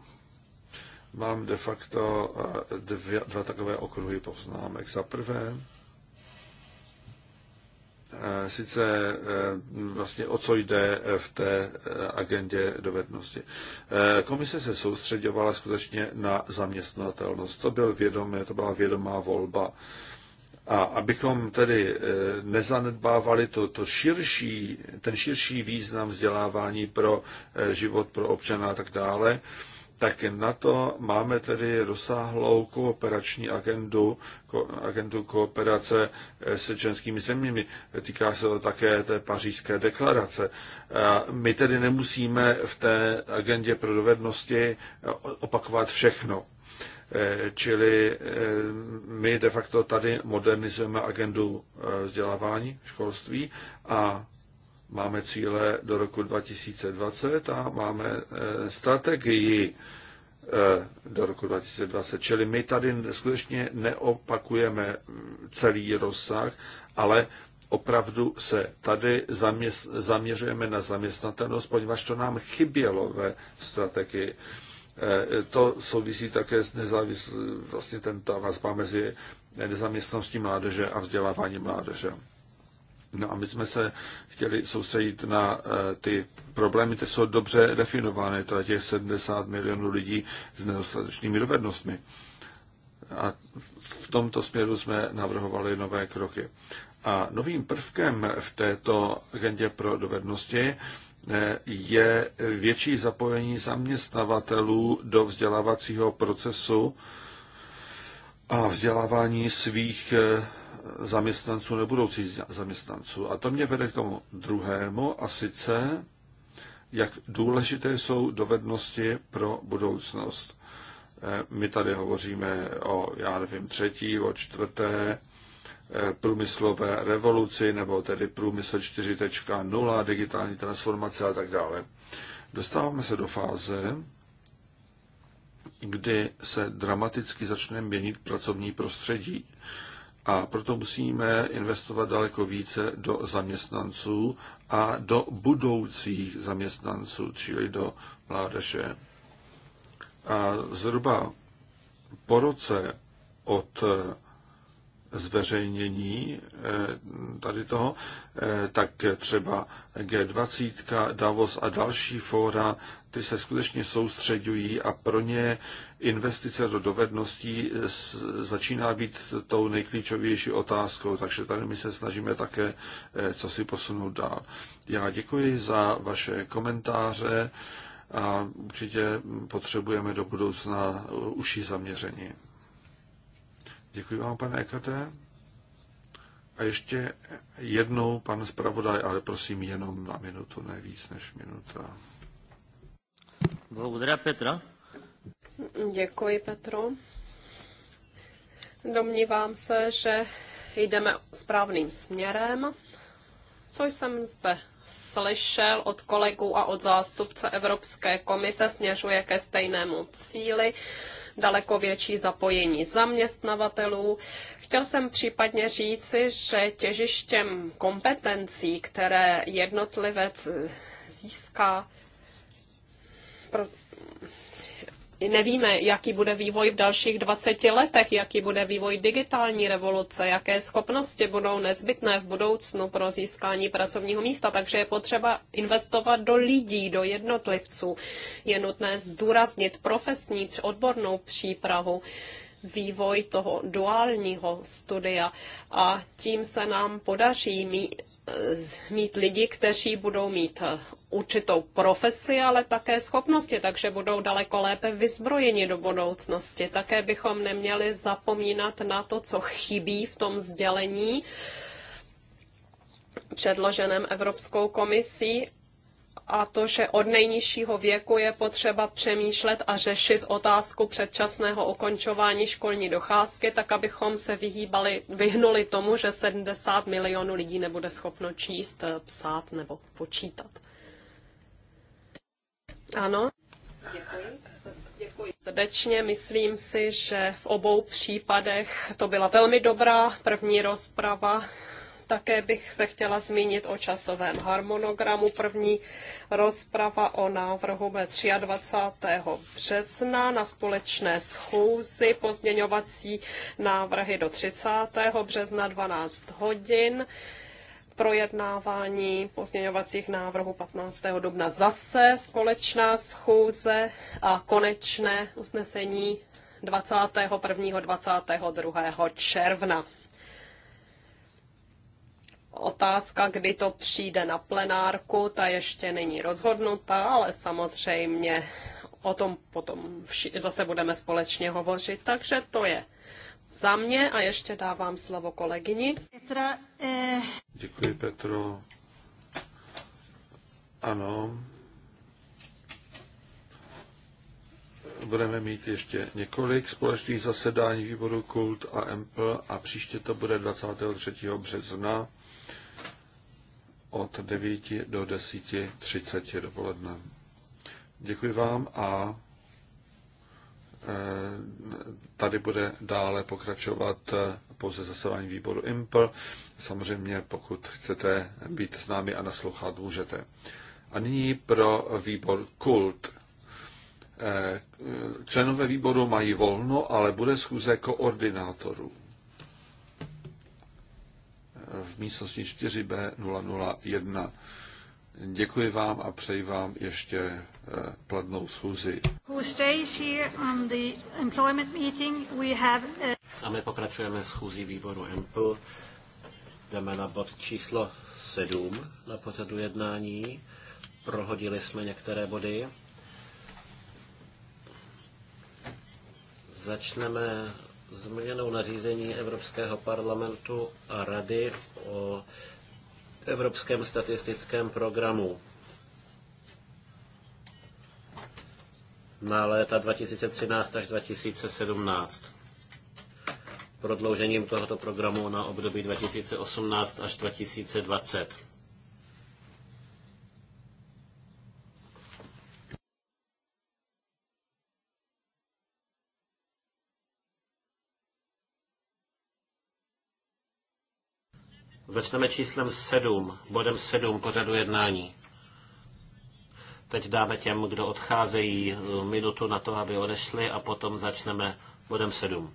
Mám de facto eh, dvě, dva takové okruhy poznámek. Za prvé, eh, sice eh, vlastně o co jde v té agendě dovednosti. Komise se soustředovala skutečně na zaměstnatelnost. To, byl vědomé, to byla vědomá volba. A abychom tedy eh, nezanedbávali to, to širší, ten širší význam vzdělávání pro eh, život, pro občana a tak dále, tak na to máme tedy rozsáhlou kooperační agendu, ko, agendu kooperace eh, se českými zeměmi. Týká se to také té pařížské deklarace. My tedy nemusíme v té agendě pro dovednosti opakovat všechno. Eh, čili eh, my de facto tady modernizujeme agendu eh, vzdělávání, školství a máme cíle do roku 2020 a máme strategii do roku 2020. Čili my tady skutečně neopakujeme mm, celý rozsah, ale opravdu se tady zaměř, zaměřujeme na zaměstnatelnost, poněvadž to nám chybělo ve strategii. Eh, to souvisí také s nezávislostí, vlastně ten, ta vazba mezi nezaměstností mládeže a vzdělávání mládeže. No a my jsme se chtěli soustředit na eh, ty problémy, ty jsou dobře definované, je těch 70 milionů lidí s nedostatečnými dovednostmi. A v tomto směru jsme navrhovali nové kroky. A novým prvkem v této agendě pro dovednosti je větší zapojení zaměstnavatelů do vzdělávacího procesu a vzdělávání svých eh, zaměstnanců nebo budoucích zaměstnanců. A to mě vede k tomu druhému, a sice, jak důležité jsou dovednosti pro budoucnost. Eh, my tady hovoříme o, já nevím, třetí, o čtvrté Eh, průmyslové revoluci, nebo tedy průmysl 4.0, digitální transformace a tak dále. Dostáváme se do fáze, kdy se dramaticky začne měnit pracovní prostředí. A proto musíme investovat daleko více do zaměstnanců a do budoucích zaměstnanců, čili do mládeže. A zhruba po roce od zveřejnění eh, tady toho, eh, tak třeba G20, Davos a další fóra, ty se skutečně soustředují a pro ně investice do dovedností začíná být tou nejklíčovější otázkou, takže tady my se snažíme také eh, co si posunout dál. Já děkuji za vaše komentáře a určitě potřebujeme do budoucna užší zaměření. Děkuji vám, pane Ekate. A ještě jednou, pan zpravodaj, ale prosím jenom na minutu, ne víc než minuta. Благодаря, Petra. Děkuji, Petro. Domnívám se, že jdeme správným směrem co jsem zde slyšel od kolegů a od zástupce Evropské komise, směřuje ke stejnému cíli, daleko větší zapojení zaměstnavatelů. Chtěl jsem případně říci, že těžištěm kompetencí, které jednotlivec získá, nevíme, jaký bude vývoj v dalších 20 letech, jaký bude vývoj digitální revoluce, jaké schopnosti budou nezbytné v budoucnu pro získání pracovního místa. Takže je potřeba investovat do lidí, do jednotlivců. Je nutné zdůraznit profesní odbornou přípravu vývoj toho duálního studia a tím se nám podaří mít, mít lidi, kteří budou mít eh, určitou profesi, ale také schopnosti, takže budou daleko lépe vyzbrojeni do budoucnosti. Také bychom neměli zapomínat na to, co chybí v tom sdělení předloženém Evropskou komisí a to, že od nejnižšího věku je potřeba přemýšlet a řešit otázku předčasného ukončování školní docházky, tak abychom se vyhýbali, vyhnuli tomu, že 70 milionů lidí nebude schopno číst, psát nebo počítat. Ano? Děkuji. Děkuji srdečně. Myslím si, že v obou případech to byla velmi dobrá první rozprava také bych se chtěla zmínit o časovém harmonogramu. První rozprava o návrhu bude 23. března na společné schůzi pozměňovací návrhy do 30. března 12 hodin projednávání pozměňovacích návrhů 15. dubna zase společná schůze a konečné usnesení 21. 22. června. Otázka, kdy to přijde na plenárku, ta ještě není rozhodnuta, ale samozřejmě o tom potom zase budeme společně hovořit, takže to je za mě a ještě dávám slovo kolegyni. Petra, eh... Děkuji, Petro. Ano. Budeme mít ještě několik společných zasedání výboru Kult a MP a příště to bude 23. března od 9 do 10.30 dopoledne. Děkuji vám a eh, tady bude dále pokračovat eh, pouze zasedání výboru IMPL. Samozřejmě, pokud chcete být s námi a naslouchat, můžete. A nyní pro výbor KULT. Eh, členové výboru mají volno, ale bude schůze koordinátorů v místnosti 4B001. Děkuji vám a přeji vám ještě pladnou eh, schůzi. Eh, a my pokračujeme schůzí výboru EMPL. Jdeme na bod číslo 7 na pořadu jednání. Prohodili jsme některé body. Začneme změnou nařízení Evropského parlamentu a Rady o Evropském statistickém programu na léta 2013 až 2017 prodloužením tohoto programu na období 2018 až 2020. Začneme číslem 7, bodem 7 pořadu jednání. Teď dáme těm, kdo odcházejí, eh, minutu na to, aby odešli a potom začneme bodem 7.